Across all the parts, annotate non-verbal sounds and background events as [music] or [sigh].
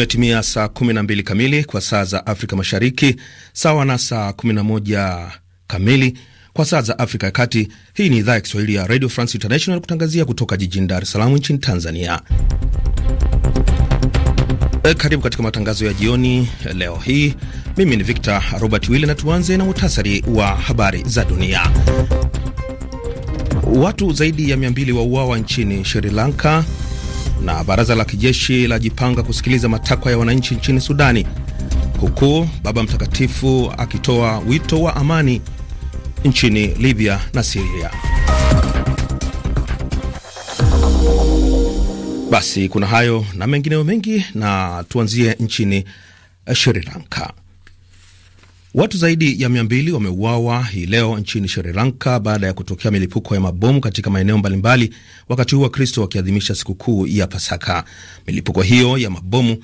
Imetimia saa 12 kamili kwa saa za Afrika Mashariki, sawa na saa 11 kamili kwa saa za Afrika ya Kati. Hii ni idhaa ya Kiswahili ya Radio France International kutangazia kutoka jijini Dar es Salaam nchini Tanzania. E, karibu katika matangazo ya jioni leo hii. Mimi ni Victor Robert Wille na tuanze na muhtasari wa habari za dunia. Watu zaidi ya 200 wauawa nchini Sri Lanka na baraza la kijeshi lajipanga kusikiliza matakwa ya wananchi nchini Sudani, huku Baba Mtakatifu akitoa wito wa amani nchini Libya na Siria. Basi kuna hayo na mengineyo mengi, na tuanzie nchini Sri Lanka. Watu zaidi ya mia mbili wameuawa hii leo nchini Sri Lanka baada ya kutokea milipuko ya mabomu katika maeneo mbalimbali, wakati huu Wakristo wakiadhimisha sikukuu ya Pasaka. Milipuko hiyo ya mabomu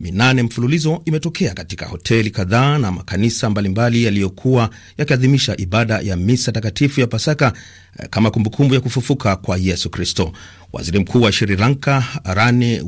minane mfululizo imetokea katika hoteli kadhaa na makanisa mbalimbali yaliyokuwa yakiadhimisha ibada ya misa takatifu ya Pasaka eh, kama kumbukumbu ya kufufuka kwa Yesu Kristo. Waziri Mkuu wa Sri Lanka rani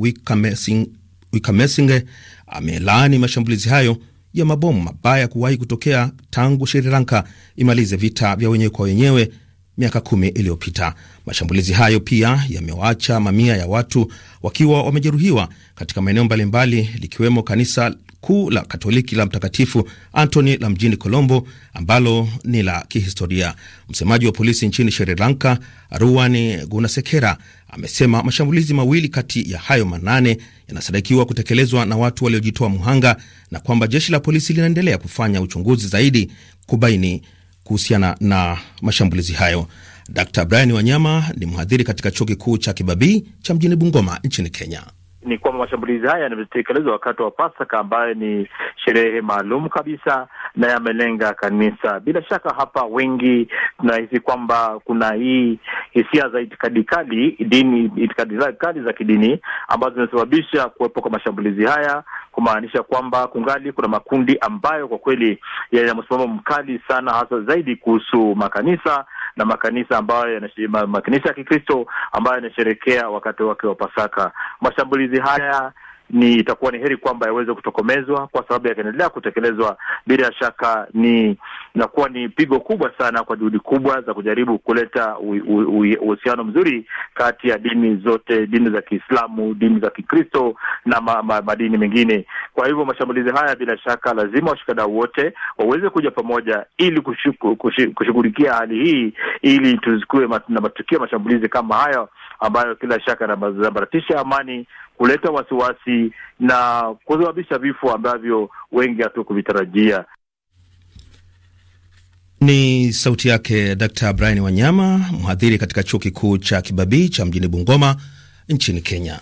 Wickremesinghe amelaani mashambulizi hayo ya mabomu mabaya kuwahi kutokea tangu Sri Lanka imalize vita vya wenyewe kwa wenyewe miaka kumi iliyopita. Mashambulizi hayo pia yamewaacha mamia ya watu wakiwa wamejeruhiwa katika maeneo mbalimbali likiwemo kanisa kuu la Katoliki la Mtakatifu Antony la mjini Colombo ambalo ni la kihistoria. Msemaji wa polisi nchini Sri Lanka, Ruwani Gunasekera, amesema mashambulizi mawili kati ya hayo manane yanasadikiwa kutekelezwa na watu waliojitoa muhanga na kwamba jeshi la polisi linaendelea kufanya uchunguzi zaidi kubaini kuhusiana na mashambulizi hayo. Dr Brian Wanyama ni mhadhiri katika chuo kikuu cha Kibabii cha mjini Bungoma nchini Kenya ni kwamba mashambulizi haya yanatekelezwa wakati wa Pasaka ambayo ni sherehe maalum kabisa na yamelenga kanisa. Bila shaka, hapa wengi tunahisi kwamba kuna hii hisia za itikadi kali, dini, itikadi kali za kidini ambazo zimesababisha kuwepo kwa mashambulizi haya, kumaanisha kwamba kungali kuna makundi ambayo kwa kweli yana msimamo mkali sana, hasa zaidi kuhusu makanisa na makanisa ambayo makanisa ya Kikristo ambayo yanasherekea wakati wake wa Pasaka. Mashambulizi haya ni itakuwa ni heri kwamba yaweze kutokomezwa, kwa sababu yakaendelea kutekelezwa, bila shaka ni inakuwa ni pigo kubwa sana kwa juhudi kubwa za kujaribu kuleta uhusiano mzuri kati ya dini zote, dini za Kiislamu, dini za Kikristo na ma, ma, madini mengine. Kwa hivyo mashambulizi haya, bila shaka, lazima washikadau wote waweze kuja pamoja ili kushughulikia hali hii, ili tuzikuwe mat, na matukio ya mashambulizi kama hayo ambayo kila shaka yanasambaratisha amani kuleta wasiwasi na kusababisha vifo ambavyo wengi hatukuvitarajia. Ni sauti yake Dr. Brian Wanyama, mhadhiri katika chuo kikuu cha Kibabii cha mjini Bungoma nchini Kenya.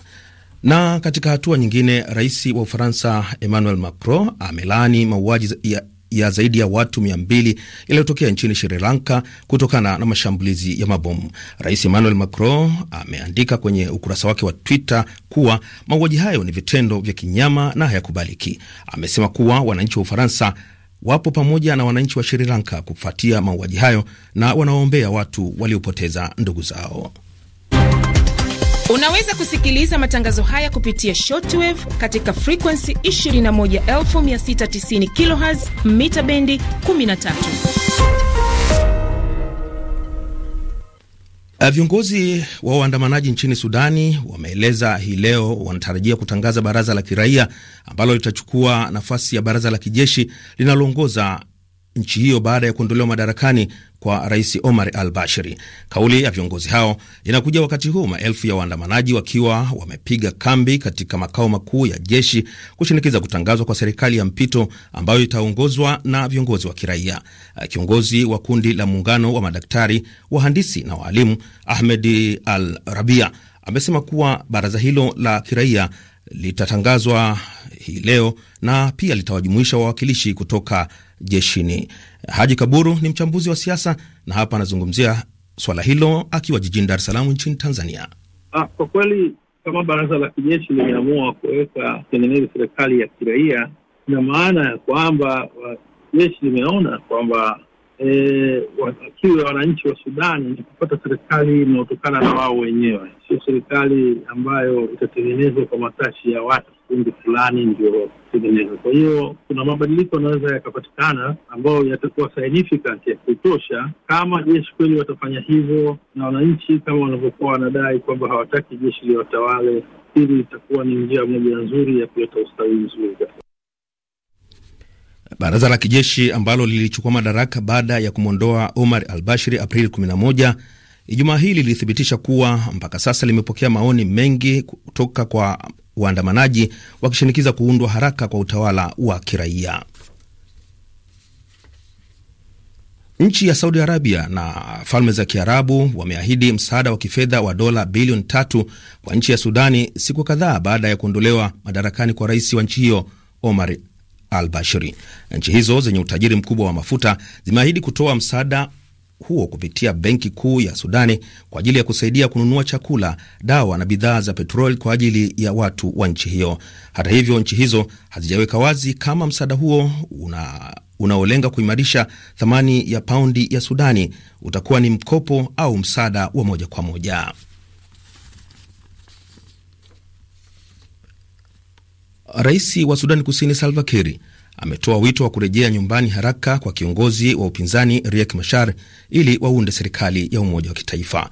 Na katika hatua nyingine, rais wa Ufaransa Emmanuel Macron amelaani mauaji ya ya zaidi ya watu mia mbili yaliyotokea nchini Sri Lanka kutokana na mashambulizi ya mabomu. Rais Emmanuel Macron ameandika kwenye ukurasa wake wa Twitter kuwa mauaji hayo ni vitendo vya kinyama na hayakubaliki. Amesema kuwa wananchi wa Ufaransa wapo pamoja na wananchi wa Sri Lanka kufuatia mauaji hayo na wanaombea watu waliopoteza ndugu zao. Unaweza kusikiliza matangazo haya kupitia shortwave katika frekuensi 21690 kHz mita bendi 13. Eh, viongozi wa waandamanaji nchini Sudani wameeleza hii leo wanatarajia kutangaza baraza la kiraia ambalo litachukua nafasi ya baraza la kijeshi linaloongoza nchi hiyo baada ya kuondolewa madarakani kwa rais Omar al Bashiri. Kauli ya viongozi hao inakuja wakati huu maelfu ya waandamanaji wakiwa wamepiga kambi katika makao makuu ya jeshi kushinikiza kutangazwa kwa serikali ya mpito ambayo itaongozwa na viongozi wa kiraia. Kiongozi wa kundi la muungano wa madaktari, wahandisi na waalimu ahmed al Rabia amesema kuwa baraza hilo la kiraia litatangazwa hii leo na pia litawajumuisha wawakilishi kutoka jeshini. Haji Kaburu ni mchambuzi wa siasa na hapa anazungumzia swala hilo akiwa jijini Dar es Salaam nchini Tanzania. Ah, kwa kweli kama baraza la kijeshi limeamua kuweka tengeneza serikali ya kiraia, ina maana ya kwamba uh, jeshi limeona kwamba e, watakiwe wananchi wa Sudani ni kupata serikali inayotokana na wao wenyewe, sio serikali ambayo itatengenezwa kwa matashi ya watu kundi fulani ndio tengeneza. Kwa hiyo kuna mabadiliko yanaweza yakapatikana ambayo yatakuwa significant ya kutosha, kama jeshi kweli watafanya hivyo, na wananchi kama wanavyokuwa wanadai kwamba hawataki jeshi liwatawale. Hili litakuwa ni njia moja nzuri ya kuleta ustawi mzuri. Baraza la kijeshi ambalo lilichukua madaraka baada ya kumwondoa Omar al Bashir Aprili 11 Ijumaa hii lilithibitisha kuwa mpaka sasa limepokea maoni mengi kutoka kwa waandamanaji wakishinikiza kuundwa haraka kwa utawala wa kiraia. Nchi ya Saudi Arabia na Falme za Kiarabu wameahidi msaada wa kifedha wa dola bilioni tatu kwa nchi ya Sudani siku kadhaa baada ya kuondolewa madarakani kwa rais wa nchi hiyo Omar al Bashiri. Nchi hizo zenye utajiri mkubwa wa mafuta zimeahidi kutoa msaada huo kupitia benki kuu ya Sudani kwa ajili ya kusaidia kununua chakula, dawa na bidhaa za petroli kwa ajili ya watu wa nchi hiyo. Hata hivyo, nchi hizo hazijaweka wazi kama msaada huo una unaolenga kuimarisha thamani ya paundi ya Sudani utakuwa ni mkopo au msaada wa moja kwa moja. Rais wa Sudani Kusini Salva Kiir ametoa wito wa kurejea nyumbani haraka kwa kiongozi wa upinzani Riek Machar ili waunde serikali ya umoja wa kitaifa.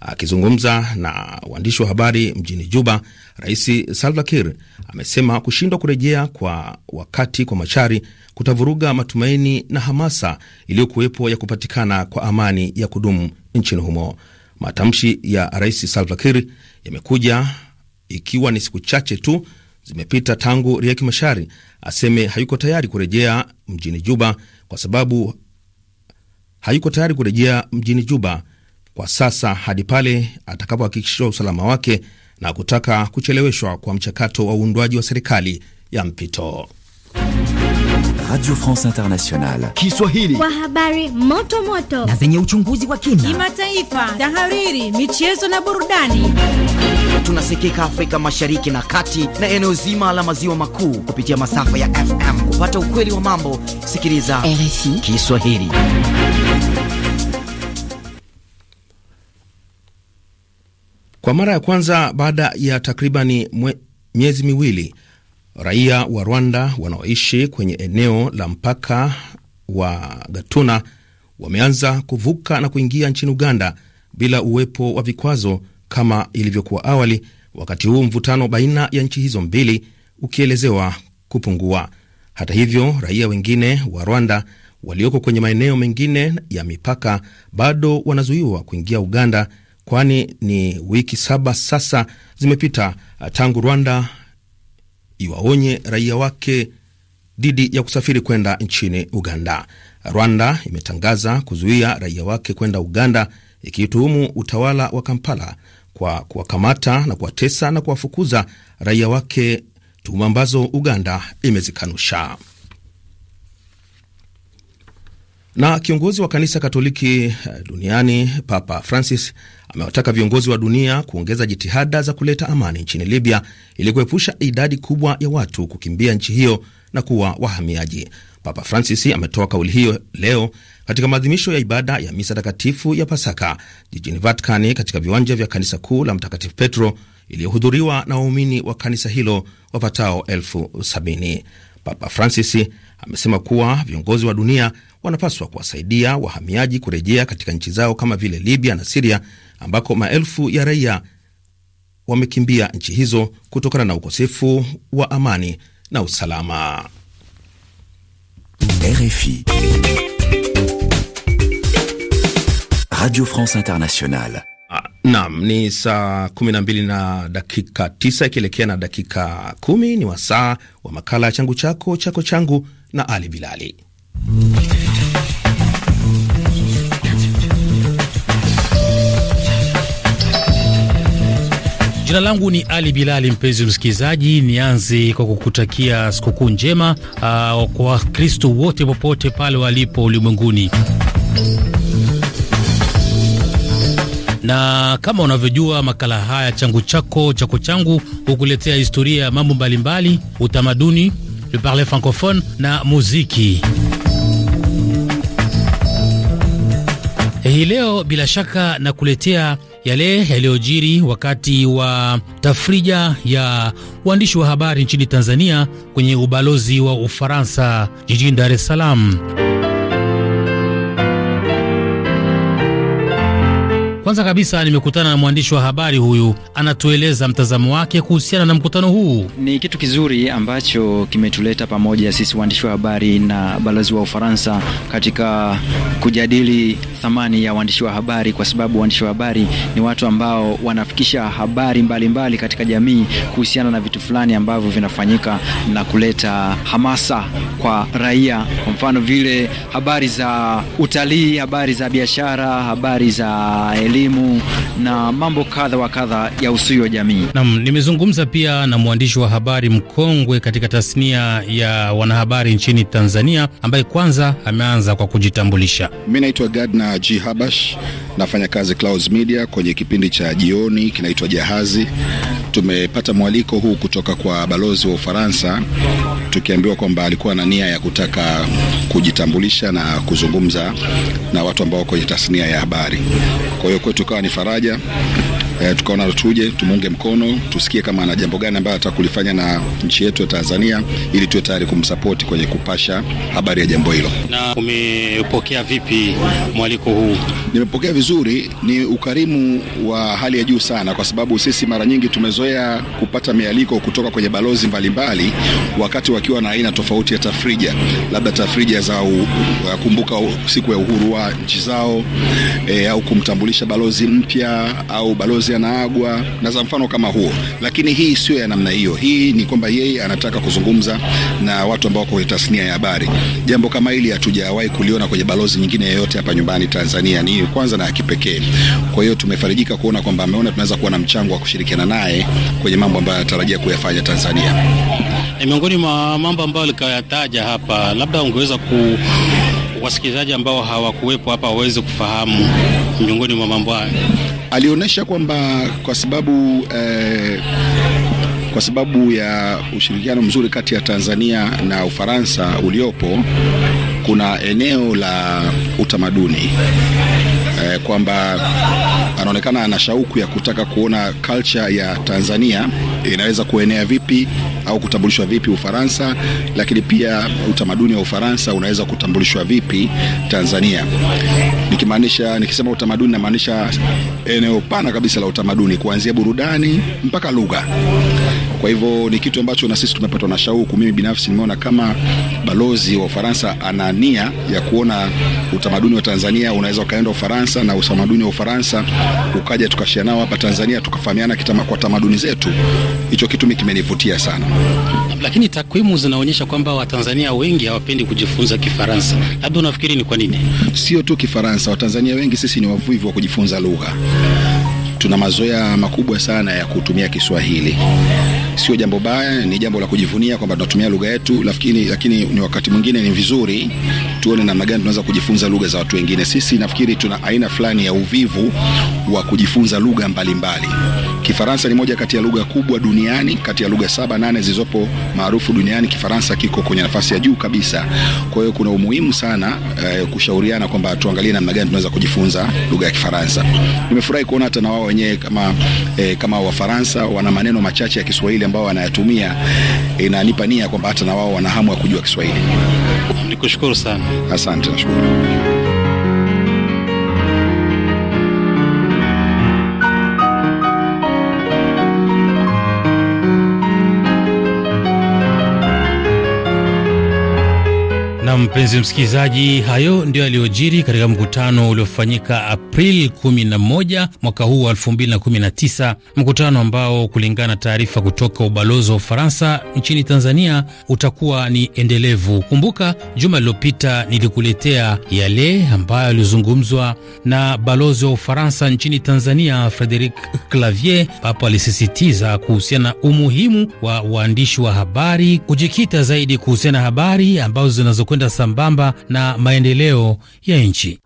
Akizungumza na waandishi wa habari mjini Juba, Rais Salva Kiir amesema kushindwa kurejea kwa wakati kwa Machari kutavuruga matumaini na hamasa iliyokuwepo ya kupatikana kwa amani ya kudumu nchini humo. Matamshi ya Rais Salva Kiir yamekuja ikiwa ni siku chache tu zimepita tangu Riek mashari aseme hayuko tayari kurejea mjini Juba kwa sababu hayuko tayari kurejea mjini Juba kwa sasa hadi pale atakapohakikishiwa usalama wake na kutaka kucheleweshwa kwa mchakato wa uundwaji wa serikali ya mpito. Radio France Internationale Kiswahili kwa habari moto moto na zenye uchunguzi wa kina, kimataifa, tahariri, michezo na burudani. Tunasikika Afrika Mashariki na Kati na eneo zima la maziwa makuu kupitia masafa ya FM. Kupata ukweli wa mambo, sikiliza RFI Kiswahili. Kwa mara ya kwanza baada ya takribani miezi miwili Raia wa Rwanda wanaoishi kwenye eneo la mpaka wa Gatuna wameanza kuvuka na kuingia nchini Uganda bila uwepo wa vikwazo kama ilivyokuwa awali, wakati huu mvutano baina ya nchi hizo mbili ukielezewa kupungua. Hata hivyo, raia wengine wa Rwanda walioko kwenye maeneo mengine ya mipaka bado wanazuiwa kuingia Uganda, kwani ni wiki saba sasa zimepita tangu Rwanda iwaonye raia wake dhidi ya kusafiri kwenda nchini Uganda. Rwanda imetangaza kuzuia raia wake kwenda Uganda, ikituhumu utawala wa Kampala kwa kuwakamata na kuwatesa na kuwafukuza raia wake, tuhuma ambazo Uganda imezikanusha. Na kiongozi wa kanisa Katoliki eh, duniani Papa Francis amewataka viongozi wa dunia kuongeza jitihada za kuleta amani nchini Libya ili kuepusha idadi kubwa ya watu kukimbia nchi hiyo na kuwa wahamiaji. Papa Francis ametoa kauli hiyo leo katika maadhimisho ya ibada ya misa takatifu ya Pasaka jijini Vatikani, katika viwanja vya kanisa kuu la Mtakatifu Petro iliyohudhuriwa na waumini wa kanisa hilo wapatao elfu sabini. Papa Francis amesema kuwa viongozi wa dunia wanapaswa kuwasaidia wahamiaji kurejea katika nchi zao kama vile Libya na Siria ambako maelfu ya raia wamekimbia nchi hizo kutokana na ukosefu wa amani na usalama. RFI Radio France Internationale. Ah, naam, ni saa 12 na dakika 9 ikielekea na dakika 10, ni wasaa wa makala ya changu chako chako changu na Ali Bilali. Jina langu ni Ali Bilali. Mpenzi msikilizaji, nianze kwa kukutakia sikukuu njema uh, kwa Wakristo wote popote pale walipo ulimwenguni na kama unavyojua makala haya changu chako chako changu hukuletea historia ya mambo mbalimbali, utamaduni, le parler francophone na muziki. Hii leo bila shaka nakuletea yale yaliyojiri wakati wa tafrija ya waandishi wa habari nchini Tanzania kwenye ubalozi wa Ufaransa jijini Dar es Salaam. Kwanza kabisa nimekutana na mwandishi wa habari huyu, anatueleza mtazamo wake kuhusiana na mkutano huu. Ni kitu kizuri ambacho kimetuleta pamoja sisi waandishi wa habari na balozi wa Ufaransa katika kujadili thamani ya waandishi wa habari, kwa sababu waandishi wa habari ni watu ambao wanafikisha habari mbalimbali mbali katika jamii kuhusiana na vitu fulani ambavyo vinafanyika na kuleta hamasa kwa raia, kwa mfano vile habari za utalii, habari za biashara, habari za elimu elimu na mambo kadha wa kadha ya usui wa jamii. Nam, nimezungumza pia na mwandishi wa habari mkongwe katika tasnia ya wanahabari nchini Tanzania ambaye kwanza ameanza kwa kujitambulisha. mi naitwa Gadna G Habash, nafanya kazi Clouds Media kwenye kipindi cha jioni kinaitwa Jahazi. Tumepata mwaliko huu kutoka kwa balozi wa Ufaransa tukiambiwa kwamba alikuwa na nia ya kutaka kujitambulisha na kuzungumza na watu ambao kwenye tasnia ya habari. Kwa hiyo kwetu ikawa ni faraja e, eh, tukaona tuje tumuunge mkono, tusikie kama ana jambo gani ambayo atakulifanya kulifanya na nchi yetu ya Tanzania ili tuwe tayari kumsapoti kwenye kupasha habari ya jambo hilo. Na umepokea vipi mwaliko huu? Nimepokea vizuri, ni ukarimu wa hali ya juu sana, kwa sababu sisi mara nyingi tumezoea kupata mialiko kutoka kwenye balozi mbalimbali mbali, wakati wakiwa na aina tofauti ya tafrija, labda tafrija za u, kumbuka siku ya uhuru wa nchi zao e, au kumtambulisha balozi mpya au balozi mapenzi yanaagwa na za mfano kama huo, lakini hii sio ya namna hiyo. Hii ni kwamba yeye anataka kuzungumza na watu ambao wako kwenye tasnia ya habari. Jambo kama hili hatujawahi kuliona kwenye balozi nyingine yoyote hapa nyumbani Tanzania, ni kwanza na kipekee. Kwa hiyo tumefarijika kuona kwamba ameona tunaweza kuwa na mchango wa kushirikiana naye kwenye mambo ambayo anatarajia kuyafanya Tanzania. Miongoni mwa mambo ambayo alikayataja hapa, labda ungeweza ku wasikilizaji ambao hawakuwepo hapa waweze kufahamu miongoni mwa mambo hayo. Alionyesha kwamba kwa sababu eh, kwa sababu ya ushirikiano mzuri kati ya Tanzania na Ufaransa uliopo, kuna eneo la utamaduni eh, kwamba anaonekana ana shauku ya kutaka kuona culture ya Tanzania inaweza kuenea vipi au kutambulishwa vipi Ufaransa, lakini pia utamaduni wa Ufaransa unaweza kutambulishwa vipi Tanzania. Nikimaanisha, nikisema utamaduni namaanisha eneo pana kabisa la utamaduni, kuanzia burudani mpaka lugha. Kwa hivyo ni kitu ambacho na sisi tumepatwa na shauku. Mimi binafsi nimeona kama balozi wa Ufaransa ana nia ya kuona utamaduni wa Tanzania unaweza ukaenda Ufaransa na utamaduni wa Ufaransa ukaja tukashia nao hapa Tanzania, tukafahamiana kwa tamaduni zetu. Hicho kitu mimi kimenivutia sana. Lakini takwimu zinaonyesha kwamba Watanzania wengi hawapendi kujifunza Kifaransa. Labda unafikiri ni kwa nini? Sio tu Kifaransa, Watanzania wengi sisi ni wavivu wa kujifunza lugha. Tuna mazoea makubwa sana ya kutumia Kiswahili sio jambo baya, ni jambo la kujivunia kwamba tunatumia lugha yetu, lakini lakini ni wakati mwingine ni vizuri tuone namna gani tunaweza kujifunza lugha za watu wengine. Sisi nafikiri tuna aina fulani ya uvivu wa kujifunza lugha mbalimbali. Kifaransa ni moja kati ya lugha kubwa duniani, kati ya lugha saba nane zilizopo maarufu duniani, Kifaransa kiko kwenye nafasi ya juu kabisa. Kwa hiyo kuna umuhimu sana eh, kushauriana kwamba tuangalie namna gani tunaweza kujifunza lugha ya Kifaransa. Nimefurahi kuona hata na wao wenyewe kama eh, kama Wafaransa wana maneno machache ya Kiswahili ambao wanayatumia inanipa nia kwamba hata na wao wana hamu ya kujua Kiswahili. Nikushukuru sana. Asante, nashukuru. Mpenzi msikilizaji, hayo ndiyo yaliyojiri katika mkutano uliofanyika april 11 mwaka huu wa 2019, mkutano ambao kulingana na taarifa kutoka ubalozi wa Ufaransa nchini Tanzania utakuwa ni endelevu. Kumbuka juma lililopita nilikuletea yale ambayo yalizungumzwa na balozi wa Ufaransa nchini Tanzania Frederic Clavier. Papo alisisitiza kuhusiana na umuhimu wa waandishi wa habari kujikita zaidi kuhusiana na habari ambazo zinazokwenda sambamba na maendeleo ya nchi.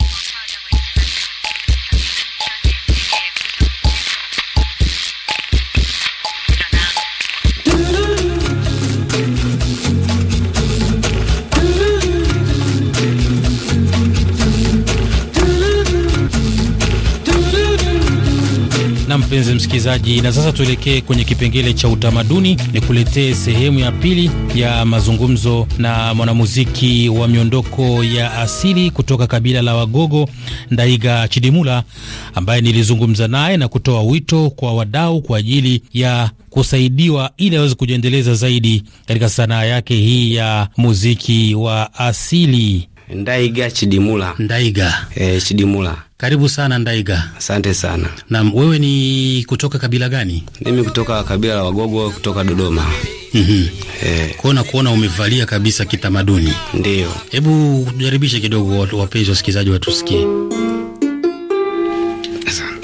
mpenzi msikilizaji, na sasa tuelekee kwenye kipengele cha utamaduni, ni kuletee sehemu ya pili ya mazungumzo na mwanamuziki wa miondoko ya asili kutoka kabila la Wagogo, Ndaiga Chidimula, ambaye nilizungumza naye na kutoa wito kwa wadau kwa ajili ya kusaidiwa ili aweze kujiendeleza zaidi katika sanaa yake hii ya muziki wa asili. Ndaiga Chidimula. Ndaiga. E, Chidimula. Karibu sana Ndaiga. Asante sana. Naam, wewe ni kutoka kabila gani? Mimi kutoka kabila la Wagogo kutoka Dodoma. Mhm. Eh. Kuona kuona umevalia kabisa kitamaduni. Ndiyo. Hebu jaribishe kidogo watu wapenzi wasikilizaji watusikie. Asante.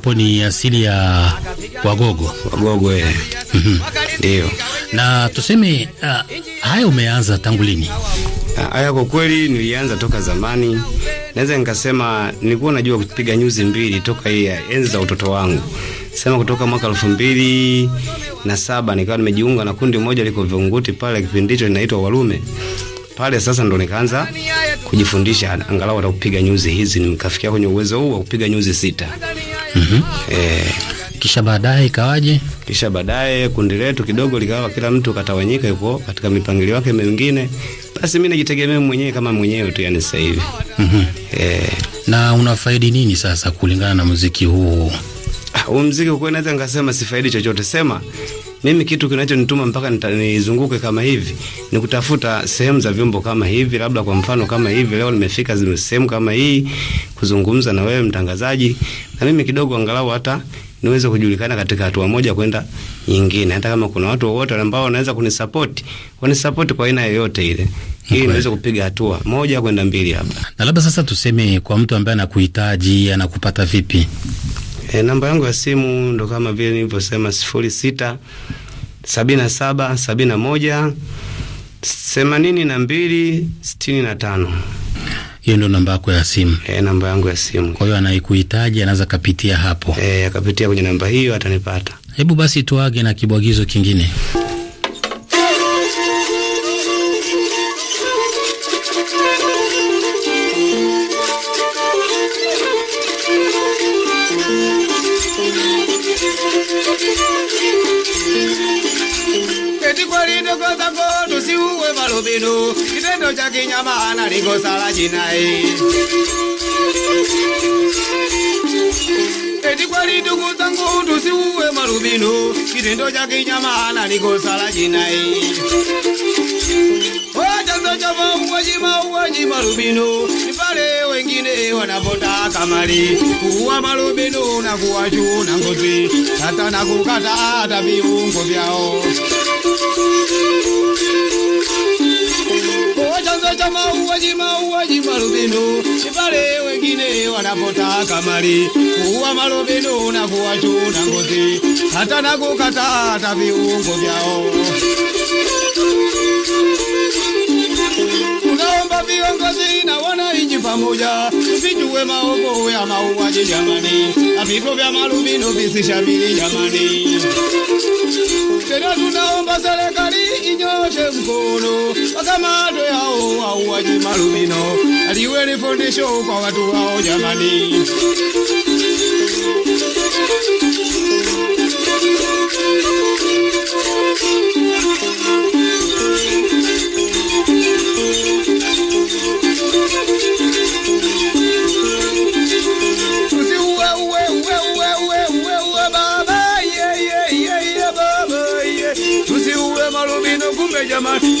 hapo ni asili ya Wagogo. Wagogo eh. Mhm. Ndio. Na tuseme uh, haya umeanza tangu lini? Ah, haya kwa kweli nilianza toka zamani. Naweza nikasema nilikuwa najua kupiga nyuzi mbili toka hii enzi za utoto wangu. Sema kutoka mwaka elfu mbili na saba nikawa nimejiunga na kundi moja liko Vunguti pale, kipindi hicho linaitwa Walume. Pale sasa ndo nikaanza kujifundisha angalau hata kupiga nyuzi hizi, nikafikia kwenye uwezo huu wa kupiga nyuzi sita. Mhm. Eh. kisha baadaye ikawaje? Kisha baadaye kundi letu kidogo likawa kila mtu katawanyika yupo katika mipangilio yake mingine, basi mimi najitegemea mwenyewe kama mwenyewe tu, yani sasa hivi mm -hmm. Na unafaidi nini sasa kulingana na muziki huu? Ah, huu muziki kwa kweli naweza nikasema sifaidi chochote, sema mimi kitu kinachonituma mpaka nizunguke kama hivi ni kutafuta sehemu za vyombo kama hivi, labda kwa mfano kama hivi leo nimefika sehemu kama hii kuzungumza na wewe mtangazaji, na mimi kidogo angalau hata niweze kujulikana katika hatua moja kwenda nyingine, hata kama kuna watu wowote ambao wanaweza kunisapoti, wanisapoti kwa aina yoyote ile ili niweze kupiga hatua moja kwenda mbili hapa. Na labda sasa tuseme, kwa mtu ambaye anakuhitaji anakupata vipi? E, namba yangu ya simu ndo kama vile nilivyosema sifuri sita sabini na saba sabini na moja themanini na mbili sitini na tano. Hiyo ndio namba yako ya simu? E, namba yangu ya simu. Kwa hiyo anaikuhitaji anaweza kapitia hapo? E, akapitia kwenye namba hiyo atanipata. Hebu basi tuage na kibwagizo kingine. kitendo cha kinyama analikosala jinai. Eti kweli ndugu zangu, tusiuwe kitendo cha kinyama analikosala jinai. Chanzo cha mauaji, mauaji marubino ni wengine wanapota kamali kuua malubino na kuwachuna ngozi, hata na kukata hata viungo vyao. Kuleta mauaji, mauaji marubino ipale wengine wanapotaka mali, kuua marubino na kuwachuna ngozi, hata na kukata viungo vyao. Tunaomba viongozi na wananchi pamoja vijue maovu ya mauaji jamani, na vifo vya marubino visishamiri jamani. Are you ready for mkono show? yao wauaji marumino liwe lifundisho kwa watu jamani.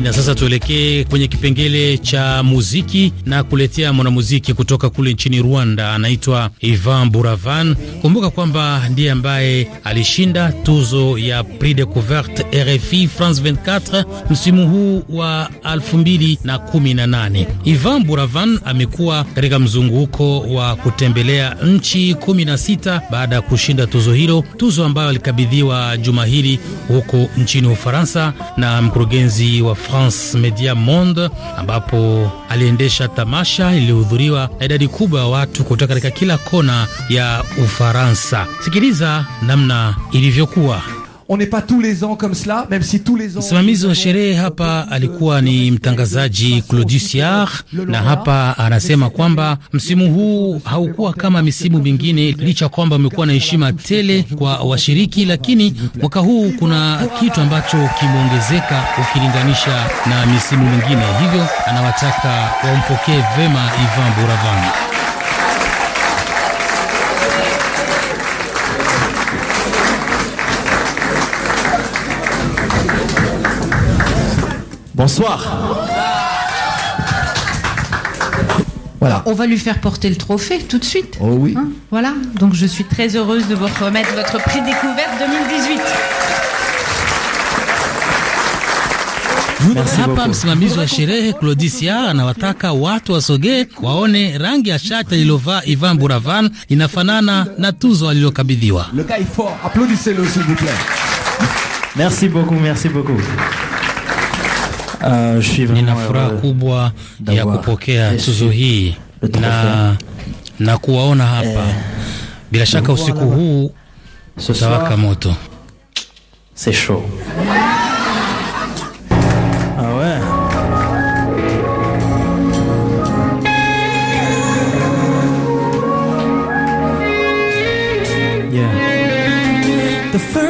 máquinas. sasa tuelekee kwenye kipengele cha muziki na kuletea mwanamuziki kutoka kule nchini Rwanda, anaitwa Ivan Buravan. Kumbuka kwamba ndiye ambaye alishinda tuzo ya Prix Decouverte RFI France 24 msimu huu wa 2018. Ivan Buravan amekuwa katika mzunguko wa kutembelea nchi 16 baada ya kushinda tuzo hilo, tuzo ambayo alikabidhiwa juma hili huko nchini Ufaransa na mkurugenzi wa France Paris Media Monde, ambapo aliendesha tamasha lililohudhuriwa na idadi kubwa ya watu kutoka katika kila kona ya Ufaransa. Sikiliza namna ilivyokuwa. Msimamizi wa sherehe hapa alikuwa ni mtangazaji Claudius Yard, na hapa anasema kwamba msimu huu haukuwa kama misimu mingine, licha kwamba umekuwa na heshima tele kwa washiriki, lakini mwaka huu kuna kitu ambacho kimeongezeka ukilinganisha na misimu mingine, hivyo anawataka wampokee vema Ivan Buravan. Bonsoir. Voilà. On va lui faire porter le trophée tout de suite. Oh oui. Hein, voilà. Donc je suis très heureuse de vous remettre votre prix découverte 2018. Merci beaucoup, merci beaucoup. Uh, nina furaha kubwa ya kupokea tuzo hii na, na kuwaona hapa eh. bila shaka usiku huu utawaka moto. C'est ah, chaud. Yeah. The first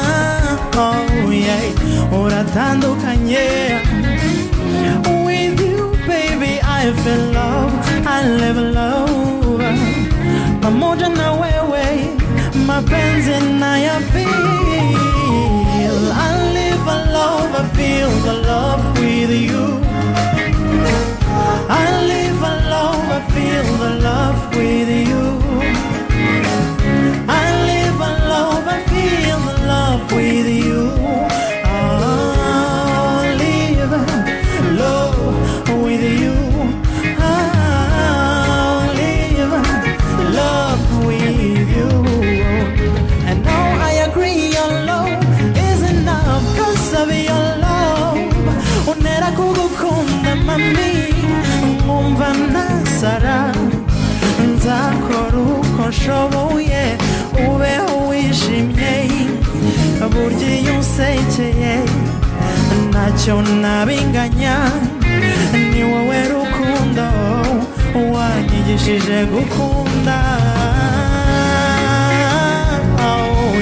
oh yeah, ora tanto cañea. With you, baby, I feel love, I live love. Pamoja na wewe, mapenzi na ya feel. I live a love, I feel the love with you. I live a love, I feel the love with you. oszołuje Uwełyszy mnie Burdzie ją sejcie Nacyo nabinganya Ni wowe rukundo Wanyigishije gukunda oh,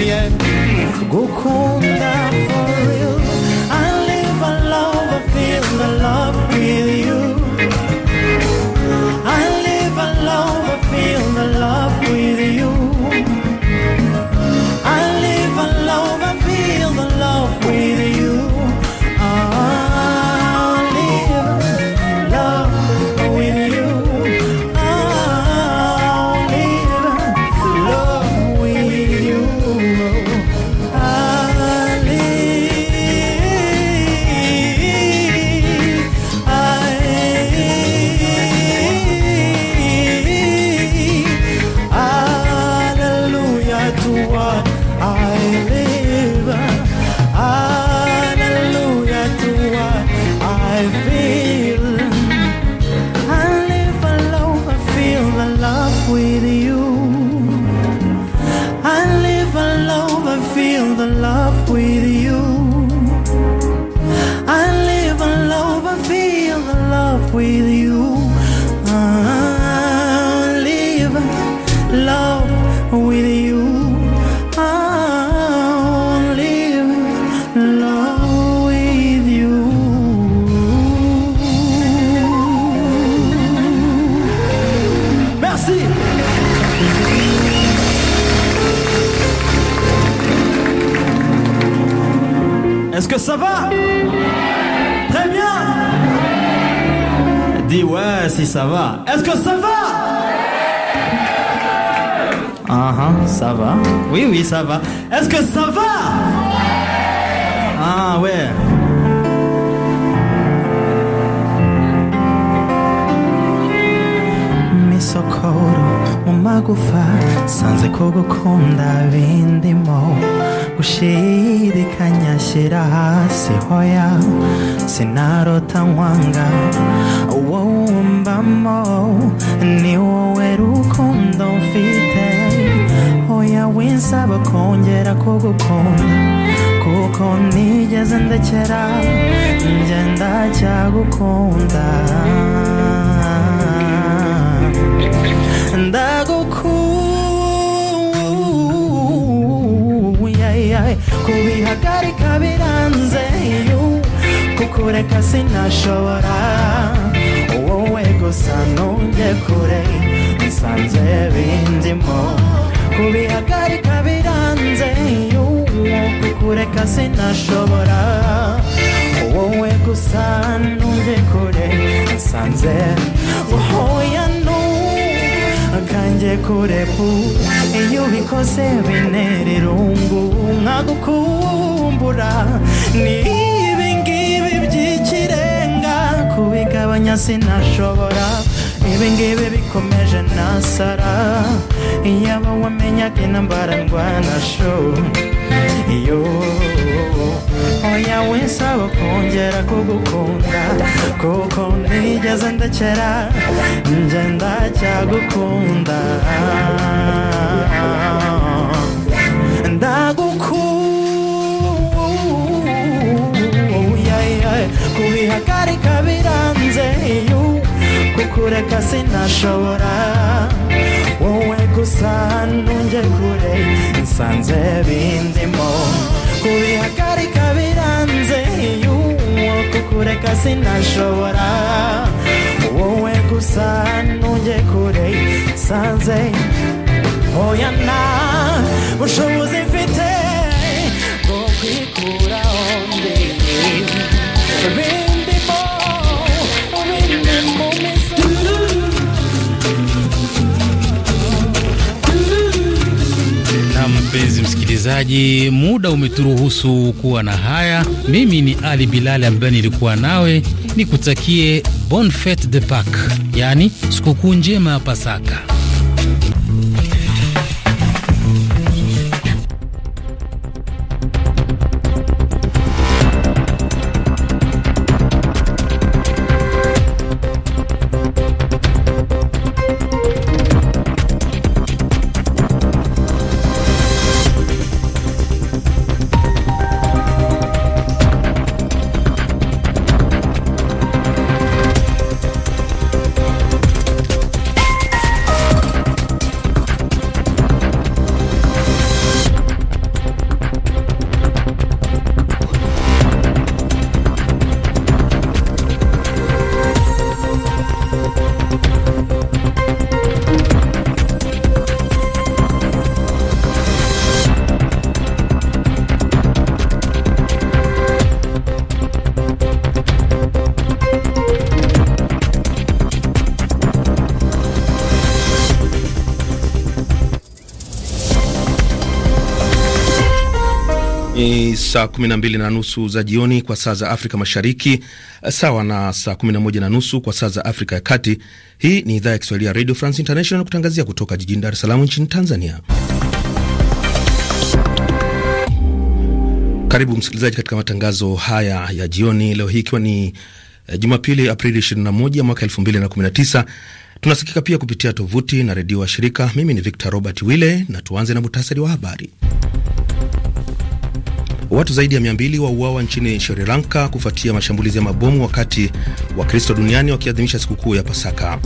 Gukunda for real I live, I love, I feel, the love ça va Est-ce que ça va Ah uh -huh, ça va. Oui, oui, ça va. Est-ce que ça va Ah ouais. Misokoro umagufwa sanze kugukunda bindimo ushidikanya shyira hasi hoya sinarota nkwanga uwo wumvamo ni wowe rukundo mfite hoya winsaba kongera kugukunda kuko nigeze ndekera ngenda cyagukunda bimpagarika biranzeyo kukureka sinashobora wowe gusa ntunge kure bisanze bindimo kubihagarika biranzeyo kukureka sinashobora wowe gusa ntunge kure bisanze uhoya kanjye kurepu iyo ubikoze binera irungu nkagukumbura ni ibi ngibi by'ikirenga kubigabanya sinashobora ibi ngibi bikomeje nasara iyaba wamenyaga intambara ndwana sho iyo oya winsaba kongera kugukunda kuko ntigeze ndekera nje ndacyagukunda ndagukunda kubihagarika biranze kukureka sinashobora wowe gusa ntunge kure nsanze bindimo kubihagarika reka sinashobora wowe gusa ntujye kure sanze oya nta bushobozi mfite msikilizaji, muda umeturuhusu kuwa na haya. Mimi ni Ali Bilali ambaye nilikuwa nawe, ni kutakie bonfet de Pak, yaani sikukuu njema ya Pasaka. saa kumi na nusu za jioni kwa saa za Afrika Mashariki, sawa na saa 11 na nusu kwa saa za Afrika ya Kati. Hii ni idhaa ya Kiswahili ya Radio France International kutangazia kutoka jijini Dar es Salaam nchini Tanzania. Karibu msikilizaji katika matangazo haya ya jioni leo hii, ikiwa ni eh, Jumapili Aprili 21 mwaka 2019. Tunasikika pia kupitia tovuti na redio wa shirika. Mimi ni Victor Robert Wille na tuanze na muhtasari wa habari. Watu zaidi ya 200 wauawa nchini Sri Lanka kufuatia mashambulizi ya mabomu wakati wa kristo duniani wakiadhimisha sikukuu ya Pasaka.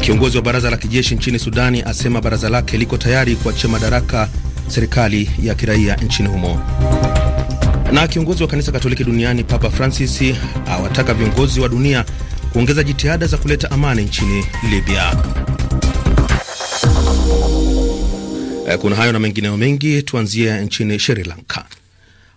Kiongozi wa baraza la kijeshi nchini Sudani asema baraza lake liko tayari kuachia madaraka serikali ya kiraia nchini humo. Na kiongozi wa kanisa Katoliki duniani Papa Francis awataka viongozi wa dunia kuongeza jitihada za kuleta amani nchini Libya. Eh, kuna hayo na mengineo mengi. Tuanzie nchini Sri Lanka.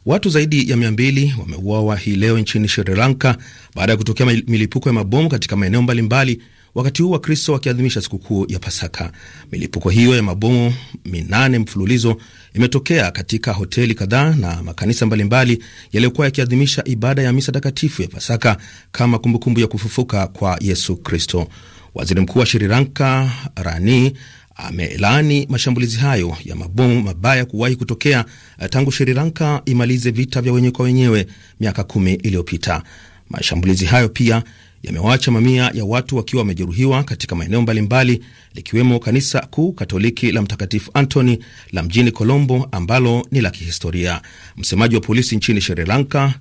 Watu zaidi ya mia mbili wameuawa hii leo nchini Sri Lanka baada ya kutokea milipuko ya mabomu katika maeneo mbalimbali, wakati huu Wakristo wakiadhimisha sikukuu ya Pasaka. Milipuko hiyo ya mabomu minane mfululizo imetokea katika hoteli kadhaa na makanisa mbalimbali yaliyokuwa yakiadhimisha ibada ya misa takatifu ya Pasaka kama kumbukumbu ya kufufuka kwa Yesu Kristo. Waziri Mkuu wa Sri Lanka Rani amelaani mashambulizi hayo ya mabomu mabaya kuwahi kutokea eh, tangu Sri Lanka imalize vita vya wenyewe kwa wenyewe miaka kumi iliyopita. Mashambulizi hayo pia yamewacha mamia ya watu wakiwa wamejeruhiwa katika maeneo mbalimbali likiwemo kanisa kuu Katoliki la Mtakatifu Antony la mjini Colombo ambalo ni la kihistoria. Msemaji wa polisi nchini Sri Lanka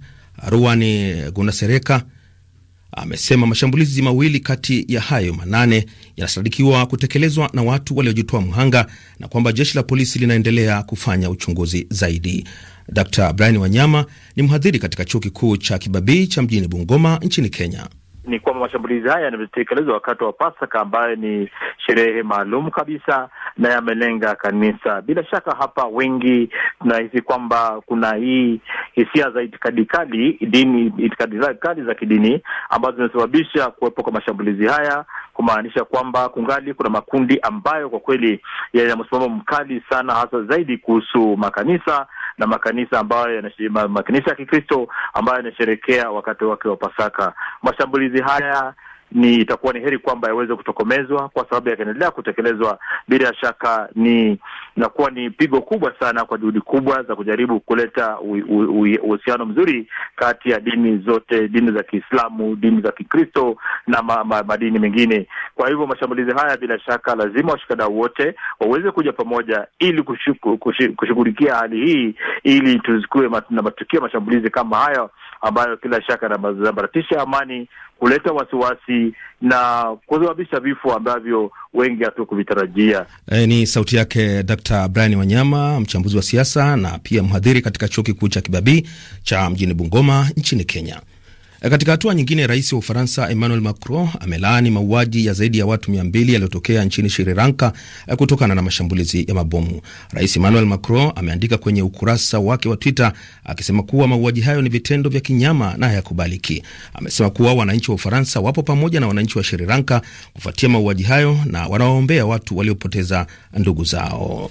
ruani Gunasereka amesema mashambulizi mawili kati ya hayo manane yanasadikiwa kutekelezwa na watu waliojitoa mhanga na kwamba jeshi la polisi linaendelea kufanya uchunguzi zaidi. Dr Brian Wanyama ni mhadhiri katika chuo kikuu cha Kibabii cha mjini Bungoma nchini Kenya ni kwamba mashambulizi haya yanatekelezwa wakati wa Pasaka ambayo ni sherehe maalum kabisa na yamelenga kanisa. Bila shaka, hapa wengi tunahisi kwamba kuna hii hisia za itikadi kali dini, itikadi kali za kidini ambazo zimesababisha kuwepo kwa mashambulizi haya, kumaanisha kwamba kungali kuna makundi ambayo kwa kweli yana msimamo mkali sana, hasa zaidi kuhusu makanisa na makanisa ambayo makanisa ya Kikristo ambayo yanasherekea wakati wake wa Pasaka. Mashambulizi haya ni itakuwa ni heri kwamba yaweze kutokomezwa, kwa sababu yakaendelea kutekelezwa, bila shaka ni inakuwa ni pigo kubwa sana kwa juhudi kubwa za kujaribu kuleta uhusiano mzuri kati ya dini zote, dini za Kiislamu, dini za Kikristo na ma, ma, madini mengine. Kwa hivyo mashambulizi haya, bila shaka, lazima washikadau wote waweze kuja pamoja ili kushughulikia hali hii, ili tuzikuwe mat, na matukio ya mashambulizi kama hayo ambayo kila shaka yanasambaratisha amani kuleta wasiwasi na kusababisha vifo ambavyo wengi hatukuvitarajia. E, ni sauti yake Dr. Brian Wanyama, mchambuzi wa siasa na pia mhadhiri katika chuo kikuu cha Kibabii cha mjini Bungoma nchini Kenya. Katika hatua nyingine, rais wa Ufaransa Emmanuel Macron amelaani mauaji ya zaidi ya watu mia mbili yaliyotokea nchini Sri Lanka eh, kutokana na mashambulizi ya mabomu. Rais Emmanuel Macron ameandika kwenye ukurasa wake wa Twitter akisema kuwa mauaji hayo ni vitendo vya kinyama na hayakubaliki. Amesema kuwa wananchi wa Ufaransa wapo pamoja na wananchi wa Sri Lanka kufuatia mauaji hayo na wanawaombea watu waliopoteza ndugu zao.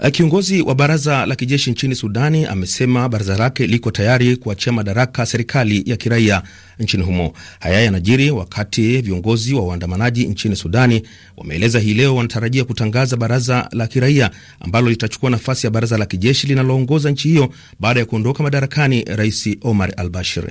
Eh, kiongozi wa baraza la kijeshi nchini Sudani amesema baraza lake liko tayari kuachia madaraka serikali ya kiraia nchini humo. Haya yanajiri wakati viongozi wa waandamanaji nchini Sudani wameeleza hii leo wanatarajia kutangaza baraza la kiraia ambalo litachukua nafasi ya baraza la kijeshi linaloongoza nchi hiyo baada ya kuondoka madarakani Rais Omar al Bashir.